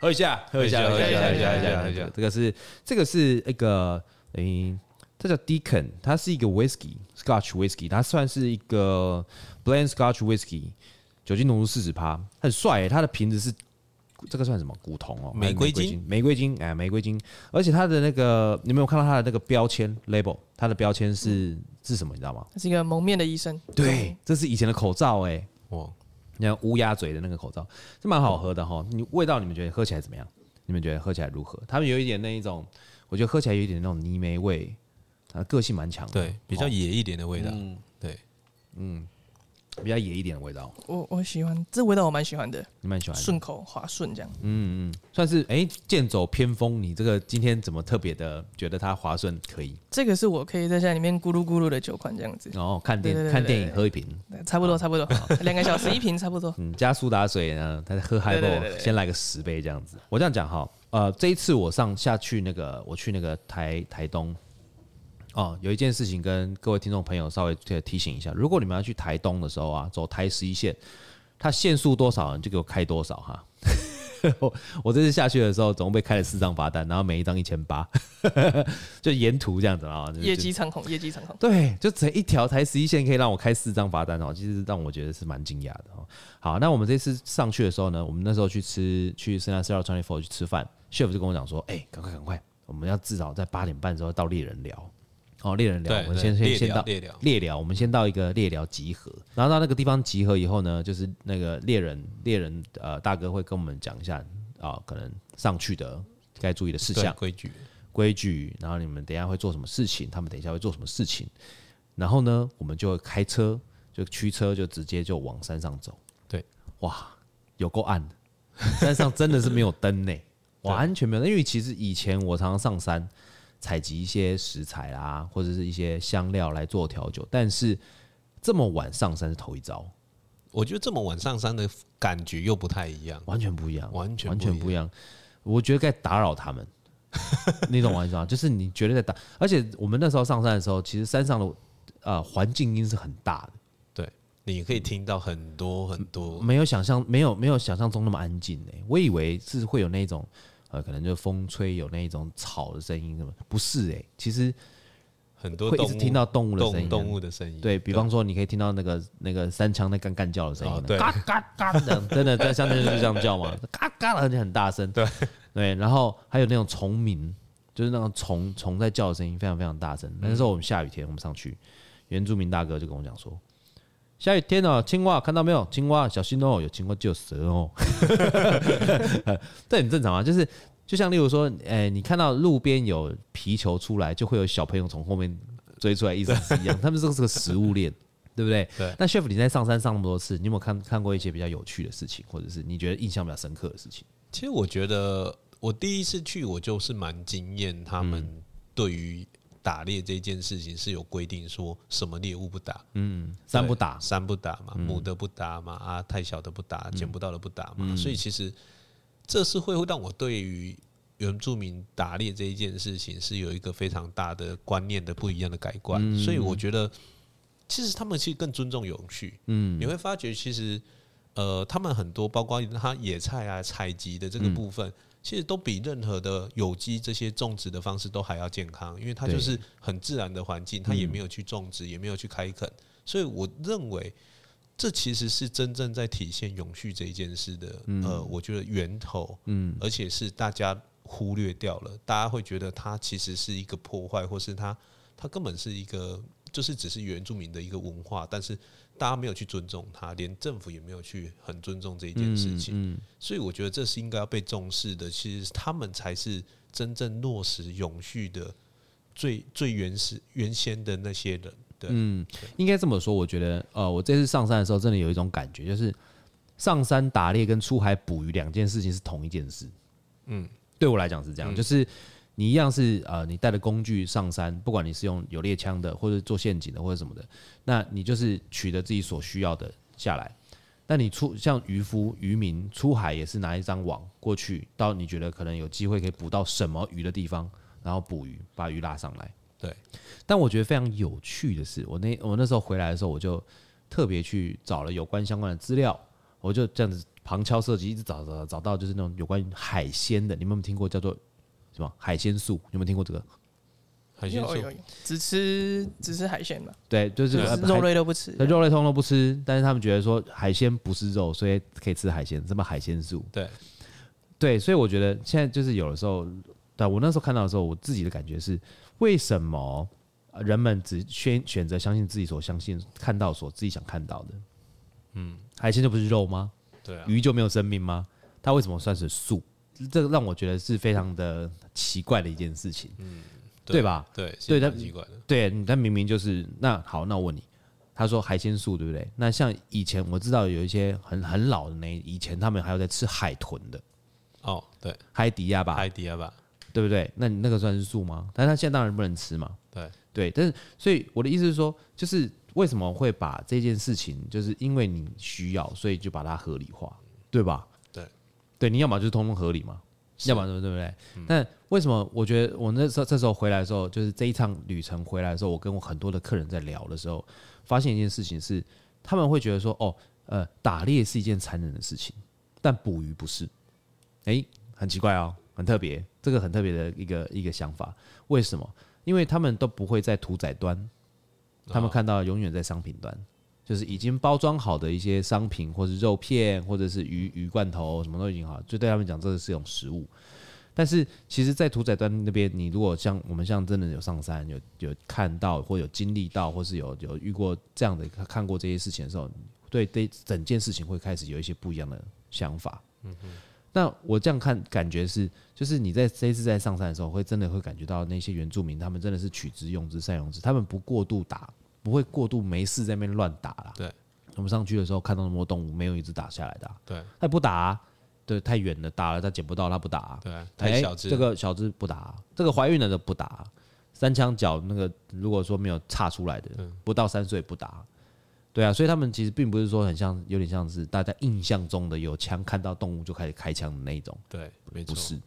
喝一下，喝一下，喝一下，喝一下，喝一下。喝一下。這個是這個是一個誒，這叫 Deacon，它是一個 Whisky Scotch Whisky，它算是一個 Blended Scotch Whisky，酒精濃度四十趴，很帥。它的瓶子是。這個算什麼古銅哦？玫瑰，哎、玫瑰金，玫瑰金，哎，玫瑰金，而且它的那個，你沒有看到它的那個標籤 label，它的標籤是、嗯、是什麼，你知道嗎？
它是一個蒙面的醫生。對，嗯、
這是以前的口罩哎、欸。哇，那烏鴉嘴的那個口罩，是蠻好喝的哈、哦。你味道你們覺得喝起來怎麼樣？你們覺得喝起來如何？它們有一點那一種、嗯，我覺得喝起來有一點那種泥煤味，它的個性蠻強，對、哦，比較野一點的味道。嗯，對，嗯。比較野一點的味道
我，我我喜歡，這味道我蠻喜歡的，你蠻喜歡，順口滑順這樣，
嗯嗯，算是哎劍、欸、走偏鋒，你這個今天怎麼特別的覺得它滑順可以？
這個是我可以在家裡面咕嚕咕嚕的酒款這樣子，哦，看電看電影喝一瓶，對，差不多差不多，兩個小時一瓶差不多
嗯，加蘇打水呢，它、呃、喝嗨過，先來個十杯這樣子。我這樣講哈，呃，這一次我上下去那個，我去那個台台東。哦，有一件事情跟各位聽眾朋友稍微提醒一下，如果你們要去台東的時候啊，走台十一線，它限速多少，你就給我開多少哈。 我我這次下去的時候，總共被開了四張罰單，然後每一張一千八，就沿途這樣子啊、哦。業績長
虹，業績長虹，對，
就整一條台十一線可以讓我開四張罰單哦，其實讓我覺得是蠻驚訝的哦。好，那我們這次上去的時候呢，我們那時候去吃去 Sinasera 24去吃飯 Chef 就跟我講說，哎、欸，趕快趕快，我們要至少在八點半之後到獵人聊。哦，獵人聊，我們先先先到獵寮，我們先到一個獵寮集合，然後到那個地方集合以後呢，就是那個獵人、嗯、獵人呃大哥會跟我們講一下啊、呃，可能上去的該注意的事項、規矩、規矩，然後你們等一下會做什麼事情，他們等一下會做什麼事情，然後呢，我們就會開車就驅車就直接就往山上走。對，哇，有夠暗的，山上真的是沒有燈呢、欸，完 全沒有。因為其實以前我常常上山，採集一些食材啊，或者是一些香料來做調酒，但是這麼晚上山是頭一遭。我覺得這麼晚上山的感覺又不太一樣，完全不一樣，完全完全不一樣。我覺得該打擾他們，你懂我意思嗎？就是你覺得在打。而且我們那時候上山的時候，其實山上的呃環境音是很大的，對，
你可以聽到很多很多、嗯，沒
有想象，沒有沒有想象中那麼安靜、欸、我以為是會有那種。可能就風吹有那一種草的聲音什麼。不是誒，欸、其實很多會一直聽到動物的聲音，動物的聲音。對，比方說，你可以聽到那個那個山羌那干干叫的聲音，嘎嘎嘎的，真的在上面就是這樣叫嘛，嘎嘎，而且很大聲。對對，然後還有那種蟲鳴，就是那種蟲蟲在叫的聲音，非常非常大聲。那時候我們下雨天，我們上去，原住民大哥就跟我講說。下雨天哦，青蛙看到沒有？青蛙小心哦，有青蛙就有蛇哦。這 很正常啊，就是就像例如說，哎、欸，你看到路邊有皮球出來，就會有小朋友從後面追出來，一直一樣。他們這個是個食物鏈，對，對不對？對。那 Chef 你在上山上那麼多次，你有沒有看看過一些比較有趣的事情，或者是你覺得印象比較深刻的事情？
其實我覺得，我第一次去，我就是蠻驚艷他們對於打獵這一件事情是有規定，說什麼獵物不打，嗯，
三不打，
三不打嘛，嗯，母的不打嘛，啊，太小的不打，撿不到的不打嘛，嗯，所以其實這是會讓我對於原住民打獵這一件事情是有一個非常大的觀念的不一樣的改觀，嗯嗯，所以我覺得其實他們其實更尊重永續，嗯，你會發覺其實呃，他們很多包括他野菜啊採集的這個部分。嗯其實都比任何的有機這些種植的方式都還要健康，因為它就是很自然的環境，它也沒有去種植，也沒有去開墾，所以我認為這其實是真正在體現永續這一件事的。呃，我覺得源頭，嗯，而且是大家忽略掉了，大家會覺得它其實是一個破壞，或是它它根本是一個就是只是原住民的一個文化，但是。大家沒有去尊重他，連政府也沒有去很尊重這一件事情，嗯嗯、所以我覺得這是應該要被重視的。其實他們才是真正落實永續的最最原始、原先的那些人。對，
嗯，應該這麼說。我覺得，呃，我這次上山的時候，真的有一種感覺，就是上山打獵跟出海捕魚兩件事情是同一件事。嗯，對我來講是這樣，嗯、就是。你一樣是呃，你帶着工具上山，不管你是用有獵槍的，或者做陷阱的，或者什麼的，那你就是取得自己所需要的下來。但你出像漁夫、漁民出海也是拿一張網過去，到你覺得可能有機會可以捕到什麼魚的地方，然後捕魚，把魚拉上來。對。但我覺得非常有趣的是，我那我那時候回來的時候，我就特別去找了有關相關的資料，我就這樣子旁敲側擊，一直找找找到就是那種有關於海鮮的，你們有沒有聽過叫做？海鮮素？有沒有聽過這個海
鮮素？有有有？只吃只吃海鮮嘛？對，就
是、這個、肉類都不吃，肉類通通不吃。但是他們覺得說海鮮不是肉，所以可以吃海鮮，什麼海鮮素？對對，所以我覺得現在就是有的時候，但、啊、我那時候看到的時候，我自己的感覺是：為什麼人們只選選擇相信自己所相信、看到所自己想看到的？嗯，海鮮就不是肉嗎？對、啊，魚就沒有生命嗎？它為什麼算是素？這個讓我覺得是非常的奇怪的一件事情，嗯，對，對吧？對，對，他很奇怪的，對，他明明就是那好，那我問你，他說海鮮素對不對？那像以前我知道有一些很很老的那以前他們還有在吃海豚的，
哦，
對，海底亞吧，海底亞吧，對不對？那你那個算是素嗎？但是他現在當然不能吃嘛，對對，但是所以我的意思是說，就是為什麼會把這件事情，就是因為你需要，所以就把它合理化，對吧？對，你要麼就是通通合理嘛，
要麼就是對不對、嗯？但
為什麼？我覺得我那時候這時候回來的時候，就是這一趟旅程回來的時候，我跟我很多的客人在聊的時候，發現一件事情是，他們會覺得說，哦，呃，打獵是一件殘忍的事情，但捕魚不是。誒、欸，很奇怪哦，很特別，這個很特別的一個一個想法。為什麼？因為他們都不會在屠宰端，他們看到永遠在商品端。哦就是已經包裝好的一些商品，或是肉片，或者是魚魚罐頭，什麼都已經好，就對他們講這是一種食物。但是其實，在屠宰端那邊，你如果像我們像真的有上山，有有看到或有經歷到，或是有有遇過這樣的看過這些事情的時候，對對，整件事情會開始有一些不一樣的想法。嗯。那我這樣看，感覺是，就是你在這一次在上山的時候，會真的會感覺到那些原住民，他們真的是取之用之，善用之，他們不過度打。不會過度沒事在那邊亂打啦。對，我們上去的時候看到那麼多動物，沒有一隻打下來的、啊。對，他不打、啊，對，太遠了，打了他撿不到，他不打、啊。對，太小隻、欸，這個小隻不打、啊，這個懷孕了的不打、啊，三槍腳那個，如果說沒有岔出來的，嗯、不到三歲不打、啊。對啊，所以他們其實並不是說很像，有點像是大家印象中的有槍看到動物就開始開槍的那種。對，沒錯。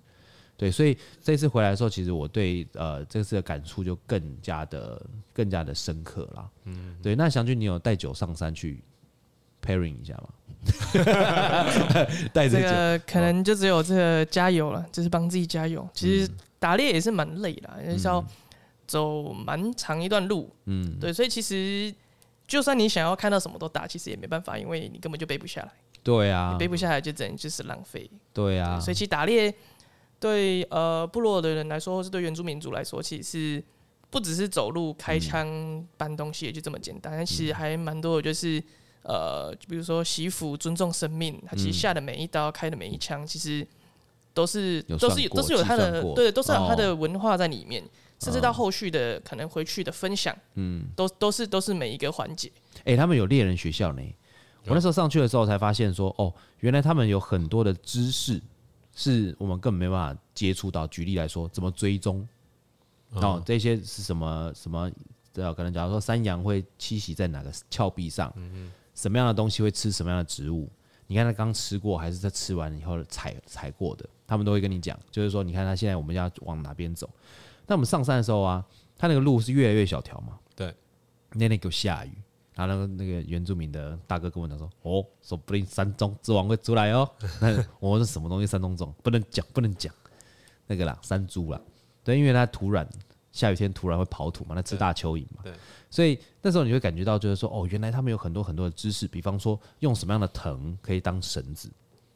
對，所以這次回來的時候，其實我對呃這次的感觸就更加的、更加的深刻了。嗯，嗯，對。那翔鈞，你有帶酒上山去 pairing 一下嗎？
帶 着 酒，這個可能就只有這個加油了，就是幫自己加油。其實打獵也是蠻累的，就、嗯、是要走蠻長一段路。嗯，對。所以其實就算你想要看到什麼都打，其實也沒辦法，因為你根本就背不下來。對啊。你背不下來就只能就是浪費。對啊對。所以其實打獵。對呃，部落的人來說，或是對原住民族來說，其實不只是走路、開槍、搬東西、嗯、也就這麼簡單，但其實還蠻多的，就是呃，就比如說洗服、尊重生命，他其實下的每一刀、嗯、開的每一槍，其實都是都是有都是有他的，對，都是有他的文化在裡面，哦、甚至到後續的可能回去的分享，嗯，都都是都是每一個環節。
哎、欸，他們有獵人學校呢，我那時候上去的時候，才發現說，哦，原來他們有很多的知識。是我們根本沒辦法接觸到。舉例來說，怎麼追蹤？
然後、哦、哦、
這些是什麼什麼？可能假如說，山羊會棲息在哪個峭壁上、嗯？什麼樣的東西會吃什麼樣的植物？你看他剛吃過，還是在吃完以後踩踩過的？他們都會跟你講。就是說，你看他現在我們要往哪邊走？那我們上山的時候啊，他那個路是越來越小條嘛？對，那天又下雨。然後那個那個原住民的大哥跟我講說，哦，說不定山中之王會出來哦。我 說、哦、什麼東西山中種，不能講，不能講那個啦，山豬啦。對，因為它突然下雨天突然會跑土嘛，那吃大蚯蚓嘛，對。對。所以那時候你會感覺到就是說，哦，原來他們有很多很多的知識，比方說用什麼樣的藤可以當繩子，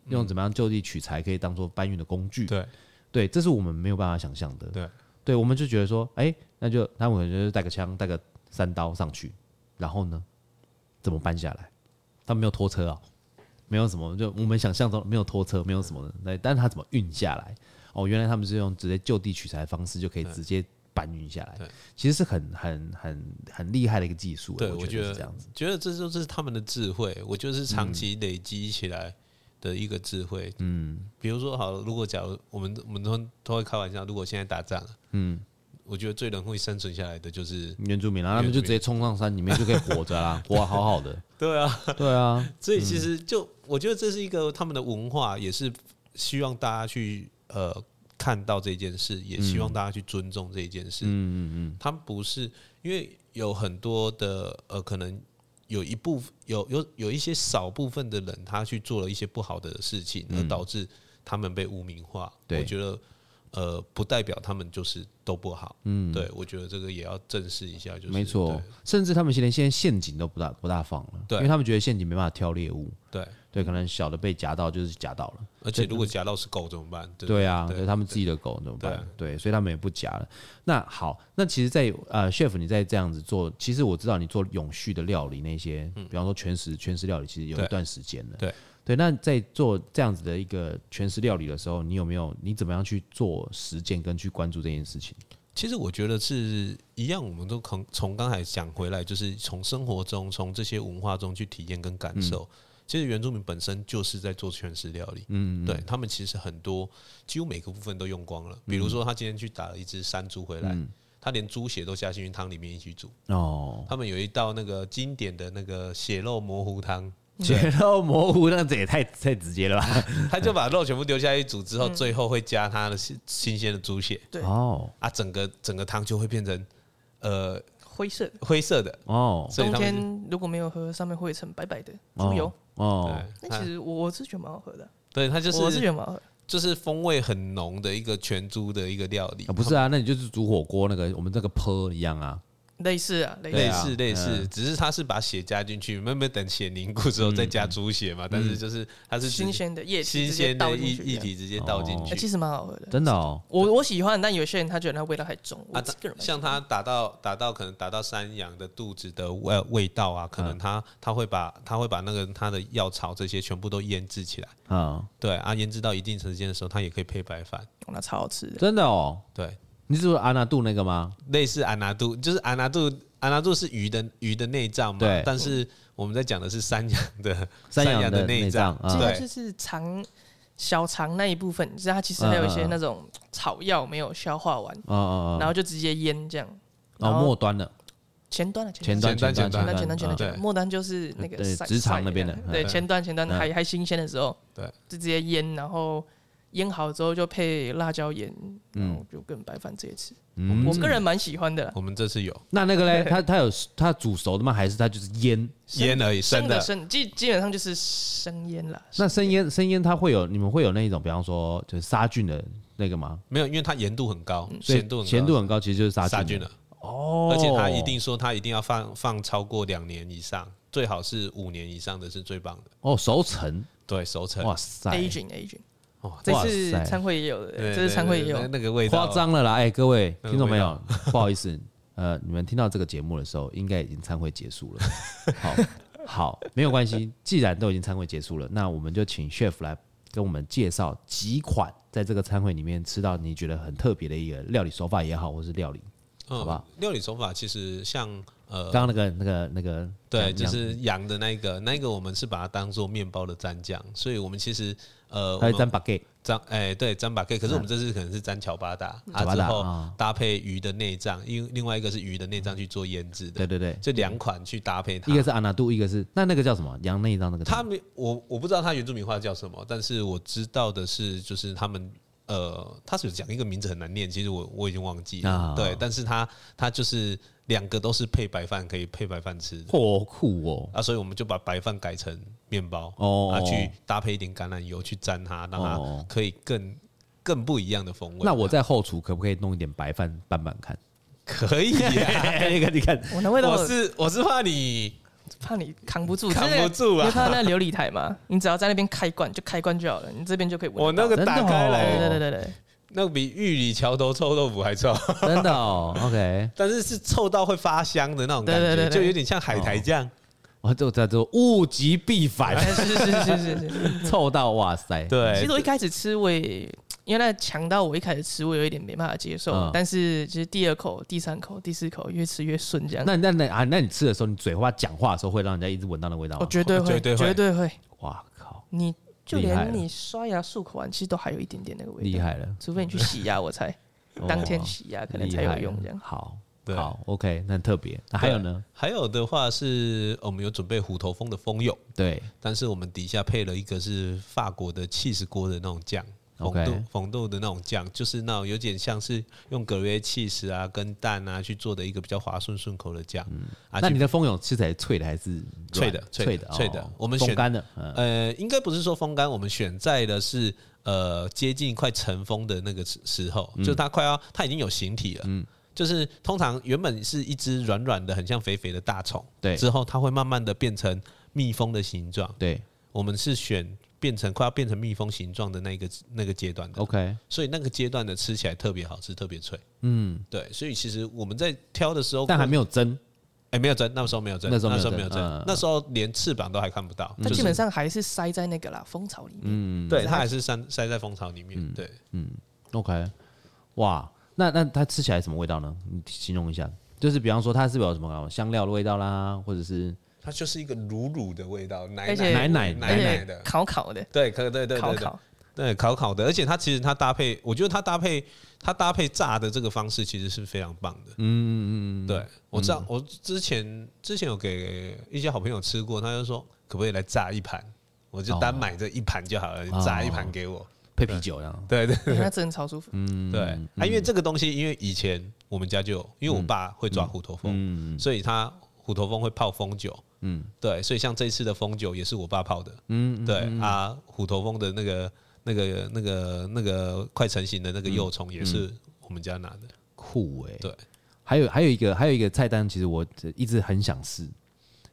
用怎麼樣就地取材可以當做搬運的工具、嗯。對。對，這是我們沒有辦法想象的。對。對，我們就覺得說，哎、欸，那就那我們可能就帶個槍，帶個三刀上去，然後呢？怎麼搬下來？他們沒有拖車啊、喔，沒有什麼，就我們想象中沒有拖車，沒有什麼的。但是他怎麼運下來？哦，原來他們是用直接就地取材的方式就可以直接搬運下來。嗯。其實是很很很很厲害的一個技術。對，我，我
覺得是這樣子。覺得這就是他們的智慧，我覺得是長期累積起來的一個智慧嗯。嗯，比如說好，如果假如我們我們都都會開玩笑，如果現在打仗，嗯。我覺得最能會生存下來的就是原住民啦、啊，他們就直接衝
上山裡面就可以活着啦、啊， 活好好的。
對啊，對啊。所以其實就我覺得這是一個他們的文化，也是希望大家去呃看到這件事，也希望大家去尊重這一件事。嗯嗯嗯。他們不是因為有很多的呃，可能有一部分有有有一些少部分的人，他去做了一些不好的事情，而導致他們被污名化。對、嗯，我覺得。呃，不代表他們就是都不好，嗯，對，我覺得這個也要正視一下，就是、沒錯。
甚至他們連現在陷阱都不大不大放了，對，因為他們覺得陷阱沒辦法挑獵物，對對，可能小的被夾到就是夾到了，
而且如果夾到是狗怎麼辦？對、對、對、對啊，可
是他們自己的狗怎麼辦？對，對對，所以他們也不夾了。那好，那其實在，在呃，Chef，你在這樣子做，其實我知道你做永續的料理那些，嗯、比方說全食全食料理，其實有一段時間了，對。對對，那在做這樣子的一個全食料理的時候，你有沒有，你怎麼樣去做實踐跟去關注這件事情？
其實我覺得是一樣，我們都從剛才講回來，就是從生活中、從這些文化中去體驗跟感受、嗯。其實原住民本身就是在做全食料理，嗯,嗯,嗯，對他們其實很多，幾乎每個部分都用光了。比如說，他今天去打了一隻山豬回來，嗯、他連豬血都加進去湯裡面一起煮。
哦，他
們有一道那個經典的那個血肉模糊湯。
血肉模糊那樣子也太太直接了吧、嗯？
他就把肉全部丟下去煮之後、嗯，最後會加他的新新鮮的豬血。
對
哦，啊，整個整個湯就會變成呃灰色，灰色的，灰色的哦。冬天
如果沒有喝，上面會一層白白的豬油哦，哦對、啊。那其實我是覺得蠻好喝的，對，他就是我是覺得蠻好喝，
就是風味很濃的一個全豬的一個料理、哦。不是
啊，那你就是煮火鍋那個我們這個潑一樣啊。
類似，啊，類似啊，
類似類似，只是他是把血加進去，沒沒等血凝固之後再加豬血嘛、嗯。但是就是它是新鮮的液，新鮮液液體直接倒進去，倒進
去，哦欸，其實蠻好喝的，真的哦。我我喜歡，但有些人他覺得那味道還重。
啊，像他打到打到可能打到山羊的肚子的味味道啊，嗯、可能他、嗯、他會把他會把那個他的藥草這些全部都醃制起來、哦、
對啊。
對啊，醃制到一定時間的時候，他也可以配白飯，那
超好吃的，真的哦。對。你是說阿納杜那個嗎？
類似阿納杜，就是阿納杜，阿納杜是魚的魚的內臟嘛？對，但是我們在講的是山羊的山羊的內臟，這個就
是腸、嗯、小腸那一部分，就是它其實還有一些那種草藥沒有消化完、嗯，然後就直接醃這樣。哦、嗯，末端的，前端的，前端前端前端前端前端，嗯、末端就是那個直腸那邊的、嗯，對，前端前端還還新鮮的時候，對，就直接醃，然後。醃好之後就配辣椒鹽，然、嗯、後就跟白飯在一起、嗯。我個人蠻喜歡的。我們
這次有那那個嘞，它它有它煮熟的嗎？還是它就是醃醃而已？生的生
的，基基本上就是生醃了。
那生醃生醃它會有你們會有那一種，比方說就是殺菌的那個嗎？
沒有，因為它鹽度很高，鹹、嗯、度鹹度，度很高，其實就是殺菌，菌了。哦，而且它一定說它一定要放放超過兩年以上，最好是五年以上的是最棒的。
哦，熟成對熟成，哇塞
，aging aging。A 哦，這次餐，餐會也有，這次餐會有那個味道，誇張了啦！哎，各位聽懂沒有？
不好意思， 呃，你們聽到這個節目的時候，應該已經餐會結束了。 好好，沒有關係，既然都已經餐會結束了，那我們就請 Chef 來跟我們介紹幾款在這個餐會裡面吃到你覺得很特別的一個料理手法也好，或是料理，嗯、好不好？
料理手法其實像呃，剛剛那個那個那個，對，就是羊的那個那個，我們是把它當做面包的蘸醬，所以我們其實。呃，沾巴給，沾哎、欸、對，沾巴給。可是我們這次可能是沾巧巴達，啊，啊之後搭配魚的內臟、嗯，因為另外一個是魚的內臟去做醃制的。對對對，這兩款去搭配它，它、嗯。
一個是阿納度，一個是那那個叫什麼羊內臟那個？他
們我我不知道它原住民話叫什麼，但是我知道的是，就是他們呃，它是有講一個名字很難念，其實我我已經忘記了。啊、對，但是它它就是兩個都是配白飯，可以配白飯吃。
好酷哦！
啊，所以我們就把白飯改成。麵包哦，拿、oh、去搭配一點橄欖油去蘸它，讓它可以更、oh、更不一樣的風味、啊。那我
在後廚可不可以弄一點白飯拌拌看？可以、啊， 那個你看，我,我,我是
我是怕你怕你扛不住扛不住啊！就怕那琉璃台嘛， 你只要在那邊開罐就開罐就好了，你這邊就可以聞。我那個打開來，哦、對對對對，
那個比玉裡橋頭臭豆腐還臭，真的哦。OK， 但是是臭到會發香的那種感覺，對對對對就有點像海苔
醬、哦。我就在做物極必反，是是是是，是 臭到哇塞！對，其實我一
開始吃，我也因為那強到我一開始吃，我有一點沒辦法接受。但是其實第二口、第三口、第四口越吃越順，這樣、嗯
那。那那那啊，那你吃的時候，你嘴巴講話的時候，會讓人家一直聞到那味道嗎、哦？絕對會，絕對會。哇靠！你
就連你刷牙漱口完，其實都還有一點點那個味道。厲害了，除非你去洗牙，我才當天洗牙，可能才有用這樣、哦。好。
對好，OK，那很特別。那還有呢？
還有的話是我們有準備虎頭蜂的蜂蛹，對。但是我們底下配了一個是法國的起司鍋的那種醬，紅豆紅豆的那種醬，就是那種有點像是用格瑞起司啊跟蛋啊去做的一個比較滑順順口的
醬。嗯、啊，那你的蜂蛹吃起來脆的還是脆的？脆的，脆的，脆的。哦、我們選風乾
的、嗯，呃，應該不是說風乾，我們選在的是呃接近快成蜂的那個時候，嗯、就是它快要它已經有形體了，嗯。就是通常原本是一隻軟軟的、很像肥肥的大蟲，對，之後它會慢慢的變成蜜蜂的形狀，對。我們是選變成快要變成蜜蜂形狀的那個那個階段的，OK。所以那個階段的吃起來特別好吃，特別脆。嗯。嗯，對。所以其實我們在挑
的時候，但還沒有針。
哎、欸，沒有針，那時候沒有針，那時候沒有針、呃，那時候連翅膀都還看不
到。它、嗯就是、基本
上還是塞在那個啦，蜂巢裡面。嗯，
對，它還
是塞塞在蜂巢裡面。嗯、對，
嗯，OK，哇。那那它吃起來什麼味道呢？你形容一下，就是比方說它是有什麼香料的味道啦，或者是
它就是一個乳乳的味道，
奶奶奶奶，奶奶的，烤烤的，
對，烤對對對對，烤烤
對烤烤的，而且它其實它
搭配，我覺得它搭配它搭配炸的這個方式其實是非常棒
的，嗯嗯嗯，
對我知道我之前之前有給一些好朋友吃過，他就說可不可以來炸一盤，我就單買這一盤就好了，哦，炸一盤給我。配啤酒一樣，
對對，那真的超舒服。嗯，嗯，嗯嗯、對，啊，
因為這個東西，因為以前我們家就因為我爸會抓虎頭蜂，所以他虎頭蜂會泡蜂酒。嗯，對，所以像這次的蜂酒也是我爸泡的。嗯，對啊，虎頭蜂的那個、那個、那個、那個快成型的那個幼蟲也是我們家拿的。
酷哎！對，還有還有一個還有一個菜單，其實我一直很想試，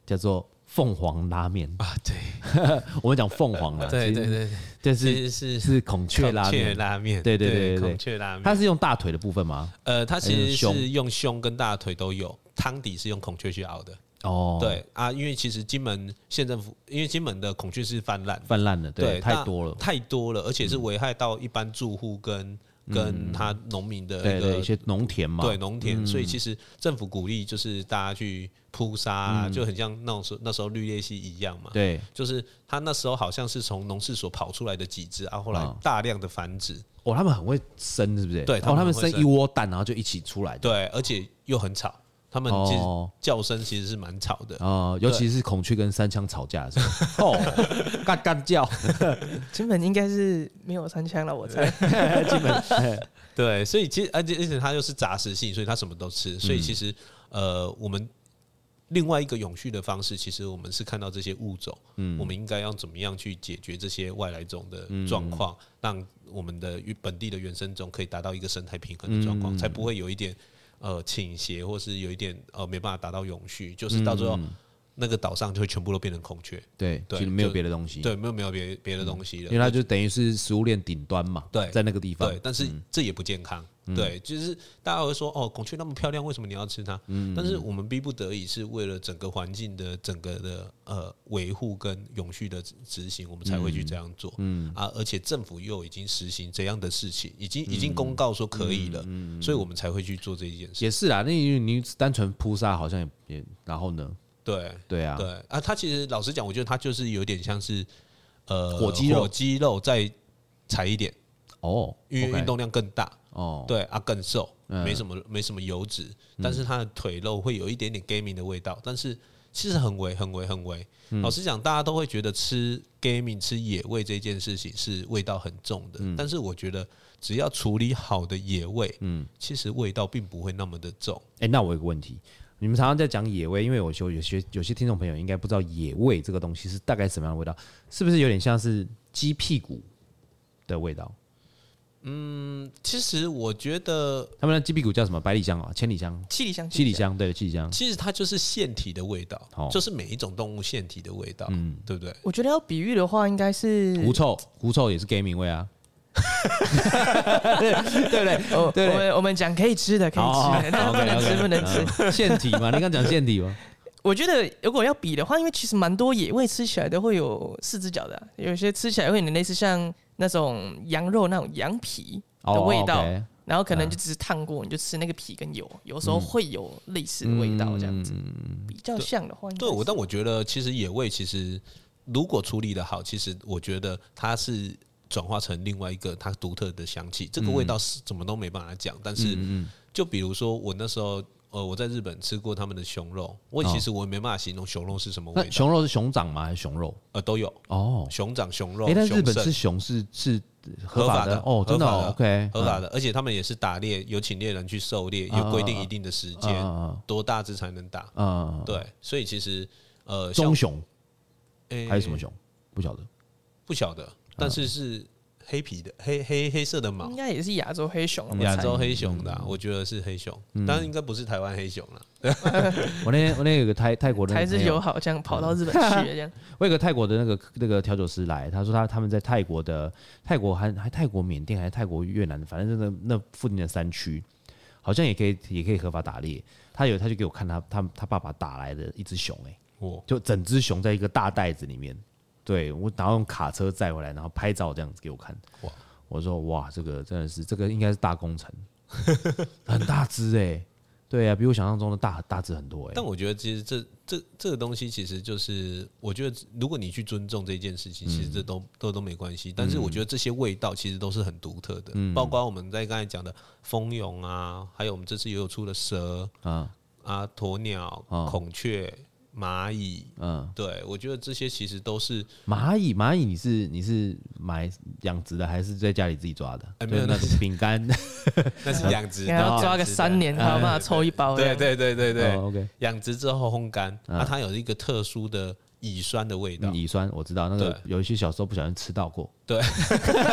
叫做鳳凰拉麵啊，對， 我們講鳳凰了、呃，對對對，就是是是孔雀拉麵，孔雀拉麵，對對對，孔雀拉麵，它是用大腿的部分嗎？呃，它其實是用
胸，胸跟大腿都有，湯底是用孔雀去熬的。哦，對啊，因為其實金門縣政府，因為金門的孔雀是氾濫，氾濫的對，對，太多了，太多了，而且是危害到一般住戶跟、嗯。跟他農民的一，對對對一些農田嘛對，對農田，嗯、所以其實政府鼓勵就是大家去撲殺，嗯、就很像那種時那時候綠鬣蜥一樣嘛。對，就是他那時候好像是從農事所跑出來的幾隻，然、啊、後後來大量的繁殖。
哦，他們很會生，是不是？對，他們、哦、他們生一窩蛋，然後就一起出來。
對，而且又很吵。他們其實叫聲其實是蠻吵的。哦、尤其是
孔雀跟山羌吵架是吧？
哦，嘎嘎叫。 基本應該是沒有山羌了，我猜基本。對，
對，所以其實而且而且它又是雜食性，所以它什麼都吃。所以其實、嗯、呃，我們另外一個永續的方式，其實我們是看到這些物種，嗯、我們應該要怎麼樣去解決這些外來種的狀況、嗯嗯，讓我們的本地的原生種可以達到一個生態平衡的狀況、嗯嗯，才不會有一點。呃，傾斜或是有一點呃，沒辦法達到永續，就是到最後那個島上就會全部都變成孔雀，
對、嗯、對，其實沒有別的東西，對，沒有沒有別別的東西了、嗯，因為它就等於是食物鏈頂端嘛，對，在那個地方，對，
但是這也不健康。嗯嗯嗯、對，就是大家會說哦，孔雀那麼漂亮，為什麼你要吃它？嗯，但是我們逼不得已，是為了整個環境的整個的呃維護跟永續的執行，我們才會去這樣做。嗯,嗯啊，而且政府又已經實行這樣的事情，已經、嗯、已經公告說可以了嗯嗯，嗯，所以我們才會去做這一件
事情。也是啦，那因為你單純撲殺好像也也，然後呢？對對啊，對
啊，他其實老實講，我覺得他就是有點像是呃火雞肉，火雞肉再柴一點哦，因為運動量更大。哦 okay 哦、oh，對啊，更瘦，嗯，沒什麼沒什麼油脂，但是它的腿肉會有一點點 gaming 的味道，但是其實很微很微很微。很微嗯，老實講，大家都會覺得吃 gaming 吃野味這件事情是味道很重的，嗯，但是我覺得
只要處理好的野味，嗯，其實味道並不會那麼的重。哎，欸，那我有個問題，你們常常在講野味，因為我說有些有些聽眾朋友應該不知道野味這個東西是大概什麼樣的味道，是不是有點像是雞屁股的味道？
嗯，其實我覺得
他們的雞屁股叫什麼？百里香哦、啊，千里香，里香，七里香，七里香，對，七里香。其
實它就是腺體的味道，哦、就是每一種動物腺體的味道，嗯，對不對？
我覺得要比喻的話，應該是狐
臭，狐臭也是 gaming 味啊 對，對不對，
對，對，對，對，對，對，對？我們我們我們講可以吃的，可以吃的，的、哦哦 okay, okay,。不能吃不能吃腺體嘛？你剛講腺體嗎？剛剛體嗎 我覺得如果要比的話，因為其實蠻多野味吃起來都會有四隻腳的、啊，有些吃起來會很類似像。那種羊肉那種羊皮的味道，哦、okay, 然後可能就只是燙過，啊、你就吃那個皮跟油，有時候會有類似的味道，這樣子、嗯嗯嗯、比較像的話對。對，我但我覺
得其實野味其實如果處理的好，其實我覺得它是轉化成另外一個它獨特的香氣，這個味道是怎麼都沒辦法講、嗯。但是，就比如說我那時候。呃，我在日本吃過他們的熊肉，我其實我也沒辦法形容熊肉是什麼味道。哦、
熊肉是熊掌嗎？還是熊肉？
呃，都有哦，熊掌、熊肉。哎、欸，但日本熊吃
熊是是合法的，合法的哦，真的、哦、，OK，合法的，、嗯、合法的，
而且他們也是打獵，有請獵人去狩獵，有、嗯、規定一定的時間、嗯嗯，多大只才能打，嗯對，所以其實呃，熊、欸，
還有什麼熊？不曉得，
不曉得、嗯，但是是。黑皮的黑黑黑色的毛，
應該也是亞洲黑熊、啊。亞洲黑熊的、啊嗯，
我覺得是黑熊，當然應該不是台灣黑熊
了、啊。嗯、 我那天我那天有個泰泰國的，還是友好，這
樣跑到日本去這樣。
我有個泰國的那個那個調酒師來，他說他他們在泰國的泰國還還泰國緬甸還是泰國越南，反正那那附近的山區，好像也可以也可以合法打獵。他有他就給我看他他他爸爸打來的一隻熊哎、欸，就整隻熊在一個大袋子裡面。對，我打算用卡車載回來，然後拍照這樣子給我看。哇！我說哇，這個真的是，這個應該是大工程， 很大只哎、欸。對啊，比我想象中的大大只很多哎、欸。但我
覺得其實這這這個東西，其實就是我覺得，如果你去尊重這件事情、嗯，其實這都都都沒關係。但是我覺得這些味道其實都是很獨特的、嗯，包括我們在剛才講的蜂蛹啊，還有我們這次也有出了蛇啊啊鴕鳥啊孔雀。螞蟻，嗯，對，我覺得這些其實都
是螞蟻。螞蟻，你是你是買養殖的，還是在家裡自己抓的？哎，欸，欸，沒有，那種餅乾， 那是養殖的，那是養殖的，你，嗯，嗯，要抓個三年，嗯，還要把它抽一
包。對對
對對對，哦，OK，養殖之後烘乾，那，嗯，啊，它有一個特殊的。乙酸的味道、
嗯，乙酸我知道，那個有一些小時候不小心吃到過。對，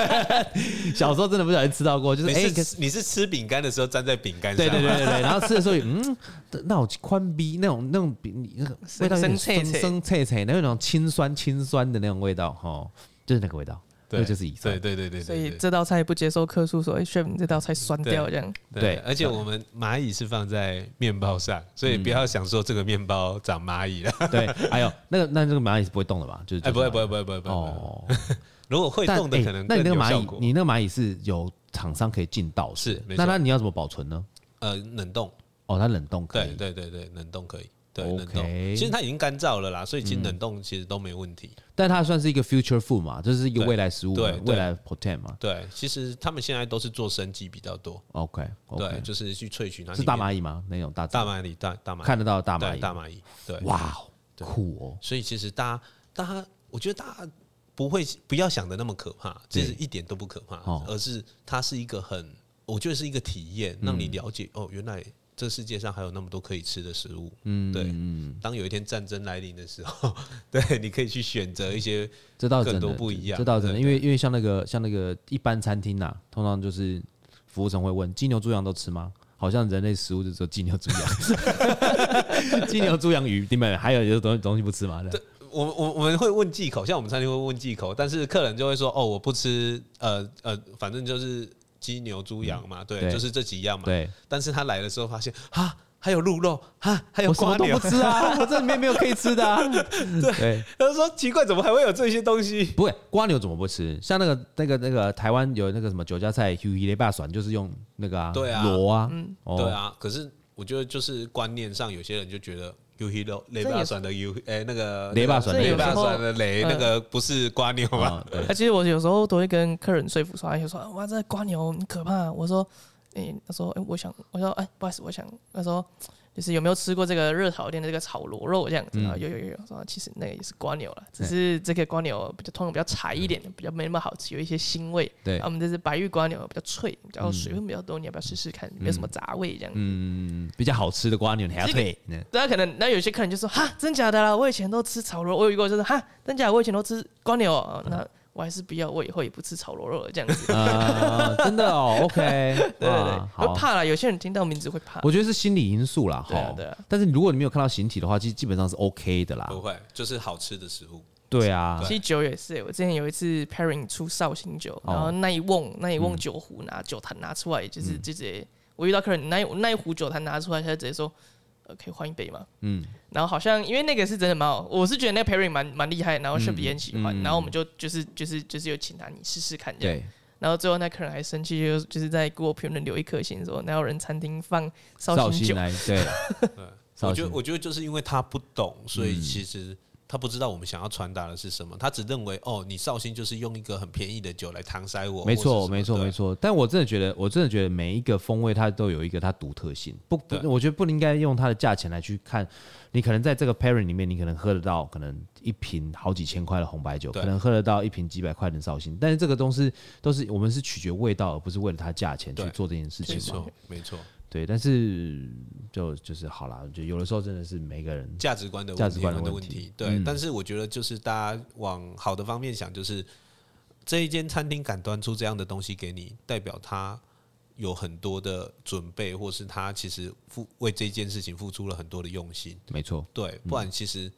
小時候真的不小心吃到過，就是哎，你是，、欸、你
你是吃餅乾的時候粘在餅乾上，對對對對，然後吃的時
候， 嗯，那種寬逼那種那種餅，味道生脆脆，生脆脆，那種清酸清酸的那種味道，齁，就是那個味道。那就是以上對對對對對，對，所以
這道菜不接受客訴，所以說，欸，Chef，你這道菜酸掉這樣。對，對對，而且我
們螞蟻是放在麵包上、嗯，所以不要想說這個麵包長螞蟻了。嗯、 對，還有
那個那這個螞蟻是不會動的吧？就是，就是、欸、不會
不會不會不會哦。 如果會動的可能、欸、那你那個螞蟻有效
果。你那個螞蟻是有廠商可以進到是？那那你要怎麼保存呢？
呃，冷凍
哦，它冷凍可以，
對對對對，冷凍可以。對冷凍，okay, 其實它已經乾燥了啦，所以進冷凍其實都沒問題。嗯、
但它算是一個 future food 嘛，就是一個未來食物對對，未來 potent 嘛。
對，其實他們現在都是做生技比較多。OK，, okay 對，就是去萃取那。是大螞蟻嗎？那種大。大螞蟻，大大螞蟻。看得到大螞蟻，對大螞蟻，對，哇、wow,，酷哦！所以其實大家，大家，我覺得大家不會不要想得那麼可怕，其實一點都不可怕，而是它是一個很，我覺得是一個體驗，讓你了解、嗯、哦，原來。這世界上還有那麼多可以吃的食物，嗯，對，嗯，當有一天戰爭來臨的時候，對，你可以去選擇一些這更多不一樣，這倒真的，真的對
對對。因為因為像那個像那個一般餐廳啊，通常就是服務生會問：雞牛豬羊都吃嗎？好像人類食物就只有雞牛豬羊，雞 牛豬羊魚，你 們還有有東東西不吃嗎？對，我我我們會
問忌口，像我們餐廳會問忌口，但是客人就會說：哦，我不吃，呃呃，反正就是。雞牛豬羊嘛對，對，就是這幾樣嘛。對，但是他來的時候發現，啊，還有鹿肉，啊，
還有蝸牛。我什麼都不吃啊， 我這裡面沒有可以吃的啊。啊。 對，他說奇怪，怎麼還會有這些東西？不會，蝸牛怎麼不吃？像那個那個那個台灣有那個什麼酒家菜，魷魚螺肉蒜，就是用那個啊，對啊，螺啊，嗯、哦，對啊。
可是我覺得就是觀念上，有些人就覺得。U 希羅雷霸，選的 U 誒、欸，那個雷巴選雷巴選的雷，雷，的雷、呃，那個不是蝸牛吧？他、嗯、其
實我有時候都會跟客人說服說、啊，他說：“哇，這蝸、個、牛很可怕、啊。”我說：“誒、欸，他說，誒、欸，我想，我說，誒、欸，不好意思，我想。”他說。就是有沒有吃過這個熱炒店的這個炒螺肉這樣子啊？有、嗯、有有有，其實那個也是蝸牛啦，只是這個蝸牛比較通常比較柴一點、嗯，比較沒那麼好吃，有一些腥味。對，啊、我們這是白玉蝸牛，比較脆，然後水分比較多，你要不要試試看、嗯？沒什麼雜味這樣。
嗯，比較好吃的蝸牛你還要推。那、
啊、可能那有些客人就說哈，真假的啦？我以前都吃炒螺肉，我有一個就是哈，真假？我以前都吃蝸牛、喔、那。嗯我還是不要，我以後也不吃炒螺肉了，這樣子、呃。 真的哦，OK。 對對對，啊、會怕啦。有些人聽到名字會怕。我覺得是
心理因素啦，真的。但是如果你沒有看到形體的話，其實基本上是 OK 的啦。不
會，
就是好吃
的食物。
對啊對，其實
酒也是、欸。我之前有一次 Pairing 出紹興酒，然後那一瓮那一瓮酒壺拿、嗯、酒罈拿出來，就是直接、嗯，我遇到客人，那一那一壺酒罈拿出來，他就直接說。可以換一杯嘛？嗯，然後好像因為那個是真的蠻好，我是覺得那個 pairing 蠻蠻厲害，然後是別人喜歡、嗯嗯，然後我們就就是就是就是有請他，你試試看這樣。對，然後最後那客人還生氣，就就是在 Google 評論留一顆星，說哪有人餐廳放紹興酒心？對， 對
我覺得我覺得就是因為他不懂，所以其實、嗯。他不知道我們想要傳達的是什麼，他只認為哦，你紹興就是用一個很便宜的酒來搪塞我。沒錯，
沒錯，沒錯。但我真的覺得，我真的覺得每一個風味它都有一個它獨特性，不，我覺得不應該用它的價錢來去看。你可能在這個 pairing 裡面，你可能喝得到可能一瓶好幾千塊的紅白酒，可能喝得到一瓶幾百塊的紹興，但是這個東西都是我們是取決味道，而不是為了它價錢去，去做這件事情。沒錯，沒錯。對，但是就就是好了，就有的時候真的是每個人價值觀的問題，價值觀的問題。對，嗯、但
是我覺得就是大家往好的方面想，就是這一間餐廳敢端出這樣的東西給你，代表他有很多的準備，或是他其實付為這件事情付出了很多的用心。沒錯，對，不然其實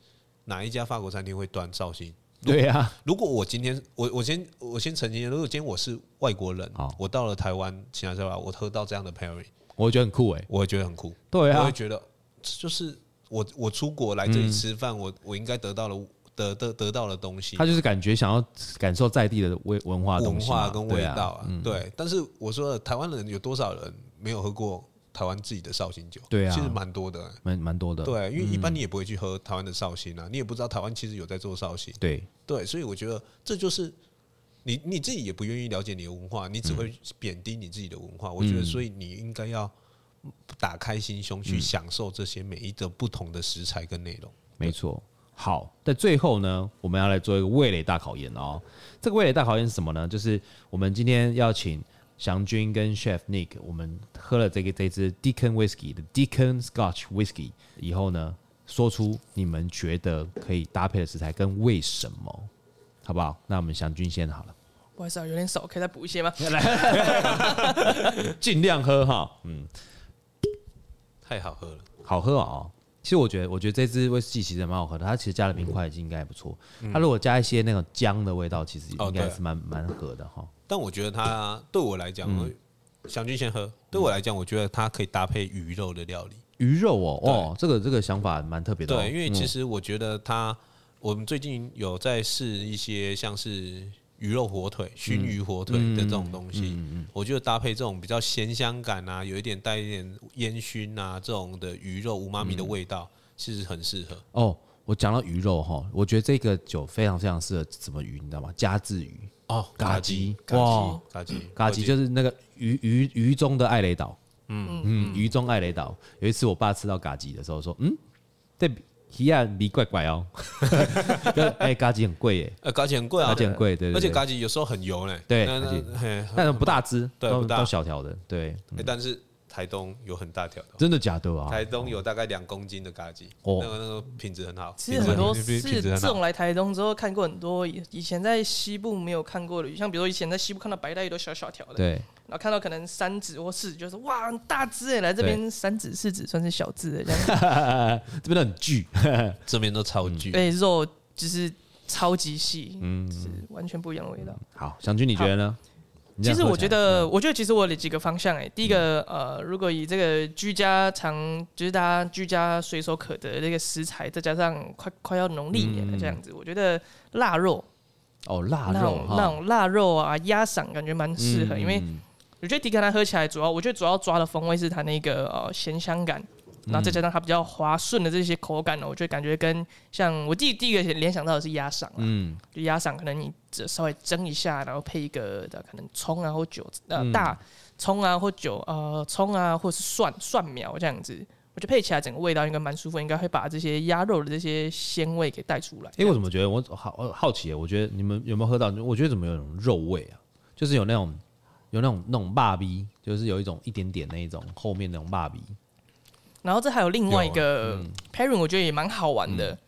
哪一家法國餐廳會端紹興，嗯？對啊，如果我今天我我先我先澄清一下，如果今天我是外國人啊，我到了台灣，其他之外，我喝到這樣的 pairing 我覺得很酷哎，欸，我覺得很酷。對啊，我也覺得就是我我出國來這裡吃飯，嗯，我我應該得到了得得得到的東西。他就是
感覺想要感受在地的文文化的東西、文化跟味道啊。
對，啊對，嗯，但是我說台灣人有多少人沒有喝過台灣自己的紹興酒？對啊，其實蠻多的，
欸，蠻蠻多的。對，因為一般你
也不會去喝台灣的紹興啊，嗯，你也不知道台灣其實有在做紹興。對對，所以我覺得這就是。你你自己也不願意了解你的文化，你只會貶低你自己的文化。嗯、我覺得，所以你應該要打開心胸，去享受這些
每一個不同的食材跟內容。嗯、沒錯。好，在最後呢，我們要來做一個味蕾大考驗哦。這個味蕾大考驗是什麼呢？就是我們今天要請翔鈞跟 Chef Nick，我們喝了這個這支 Deacon Whisky 的 Deacon Scotch Whisky 以後呢，說出你們覺得可以搭配的食材跟為什麼。好不好？那我們翔鈞先好了。
不好意思啊，有點少，可以再補一些嗎？來，
儘量喝哈。嗯，
太好喝
了，好喝啊、喔！其實我覺得，我覺得這支威士忌其實蠻好喝的。它其實加了冰塊，已經應該不錯、嗯。它如果加一些那種薑的味道，其實應該是蠻蠻、哦啊、合的哈、嗯。
但我覺得它對我來講、嗯，翔鈞先喝。對我來講，我覺得它可以搭配魚肉的料理。嗯、
魚肉哦、喔，哦、喔，這個這個想法蠻特別的、喔。對，因為其
實我覺得它。我們最近有在試一些像是魚肉火腿、燻魚火腿的這種東西，我覺得搭配這種比較鹹香感啊，有一點帶一點煙燻啊，這種的魚肉無媽咪的味道，其實很適合。
哦，我講到魚肉哈，我覺得這個酒非常非常適合什麼魚，你知道嗎？加吉魚哦，嘎吉，哇，嘎吉，嘎吉，嘎吉，嘎吉，嘎吉就是那個魚魚，魚中的艾雷島，嗯嗯，嗯，魚中艾雷島。有一次我爸吃到嘎吉的時候我說，嗯，魚啊，味怪怪哦、 就是。哎、欸，咖喱很貴哎、欸，呃，咖喱很貴啊，咖喱很貴，對對、對。而且咖喱有時候很油、欸、對，但是不大隻，都對不大都小條的，對。
嗯欸、但是。台東有很大條的，真的假的啊？台東有大概兩公斤的嘎吉，哦，那個那個品質很好。其實很多是
自來台東之後，看過很多以以前在西部沒有看過的魚，像比如說以前在西部看到白帶魚都小小條的，對，然後看到可能三指或四指，就是哇很大隻誒，欸，來這邊三指四指算是小隻誒，
這邊都很巨，這邊都超巨，對，嗯，
肉就是超級細，嗯，就是完全不一樣的味道。好，翔鈞你覺得呢？
其實我覺
得、嗯，我覺得其實我有幾個方向哎、欸。第一個，呃，如果以這個居家常，就是大家居家隨手可得的那個食材，再加上快快要農曆年了這樣子，我覺得臘肉，哦，臘肉，那種臘肉啊，鴨嗓感覺蠻適合、嗯，因為我覺得 The Deacon 喝起來，主要我覺得主要抓的風味是它那個呃鹹香感。那、嗯、再加上它比較滑順的這些口感呢，我覺得感覺跟像我第第一個聯想到的是鴨賞，嗯，就鴨賞可能你只稍微蒸一下，然後配一個的可能蔥啊或酒呃大蔥、嗯、啊或酒呃蔥啊或者是蒜蒜苗這樣子，我覺得配起來整個味道應該蠻舒服，應該會把這些鴨肉的這些鮮味給帶出來。誒、
欸，我怎麼覺得我好我好奇，我覺得你們有沒有喝到？我覺得怎麼有種肉味啊？就是有那種有那種那種霸鼻，就是有一種一點點那種後面那種霸鼻。
然後這還有另外一個 pairing 我覺得也蠻好玩的，嗯、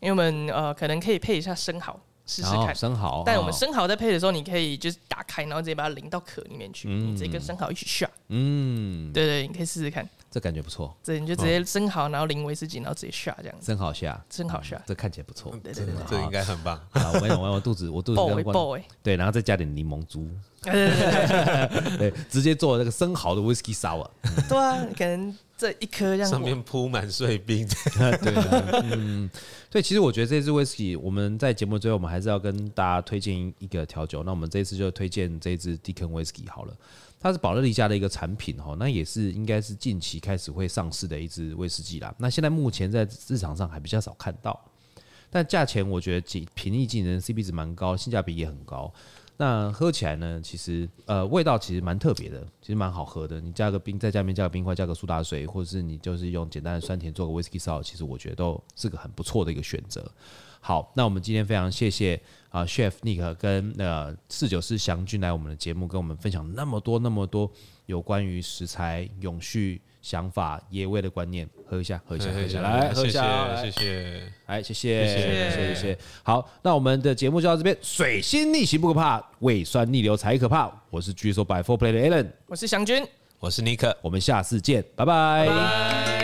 因為我們呃可能可以配一下生蠔試試看。生
蠔，但我們生
蠔在配的時候，你可以就是打開，然後直接把它淋到殼裡面去，嗯、你直接跟生蠔一起 shot。嗯，對對，你可以試試看，這感覺不錯。對，你就直接生蠔，嗯、然後淋威士忌，然後直接 shot 這樣子。生蠔 shot，生蠔 shot，嗯、這看起來不錯。嗯、對對對，對，對，這應該很棒。我
講，
我講，我我我肚子，我肚子爆一爆哎。 剛剛剛 對，然後再加點檸檬汁。 哎、對，對，對，對，對， 對直接做那個生蠔的 whisky sour。
對啊，可能。這一顆，讓上
面
鋪滿碎冰， 啊對，啊對,啊嗯、對其實我覺得這只威士忌，我們在節目最後，我們還是要跟大家推薦一個調酒，那我們這一次就推薦這只迪肯威士忌好了，它是保樂力加的一個產品哈，那也是應該是近期開始會上市的一只威士忌啦，那現在目前在市場上還比較少看到，但價錢我覺得幾平易近人，C P 值，蠻高，性價比也很高。那喝起來呢，其實呃味道其實蠻特別的，其實蠻好喝的。你加個冰，在下面加個冰塊，加個蘇打水，或者是你就是用簡單的酸甜做個 whisky sour，其實我覺得都是個很不錯的一個選擇。好，那我們今天非常謝謝啊、呃、chef Nick 跟呃侍酒師翔鈞來我們的節目，跟我們分享那麼多那麼多有關於食材永續。想法，野味的觀念，喝一下，喝一下，嘿嘿嘿喝一下，嘿嘿來，嘿嘿喝一下謝謝，謝謝，謝謝，謝謝，好，那我們的節目就到這邊。水星逆行不可怕，胃酸逆流才可怕。我是巨說 Four Play 的 Allen，我是翔鈞，我是尼克，我們下次見，拜拜。Bye bye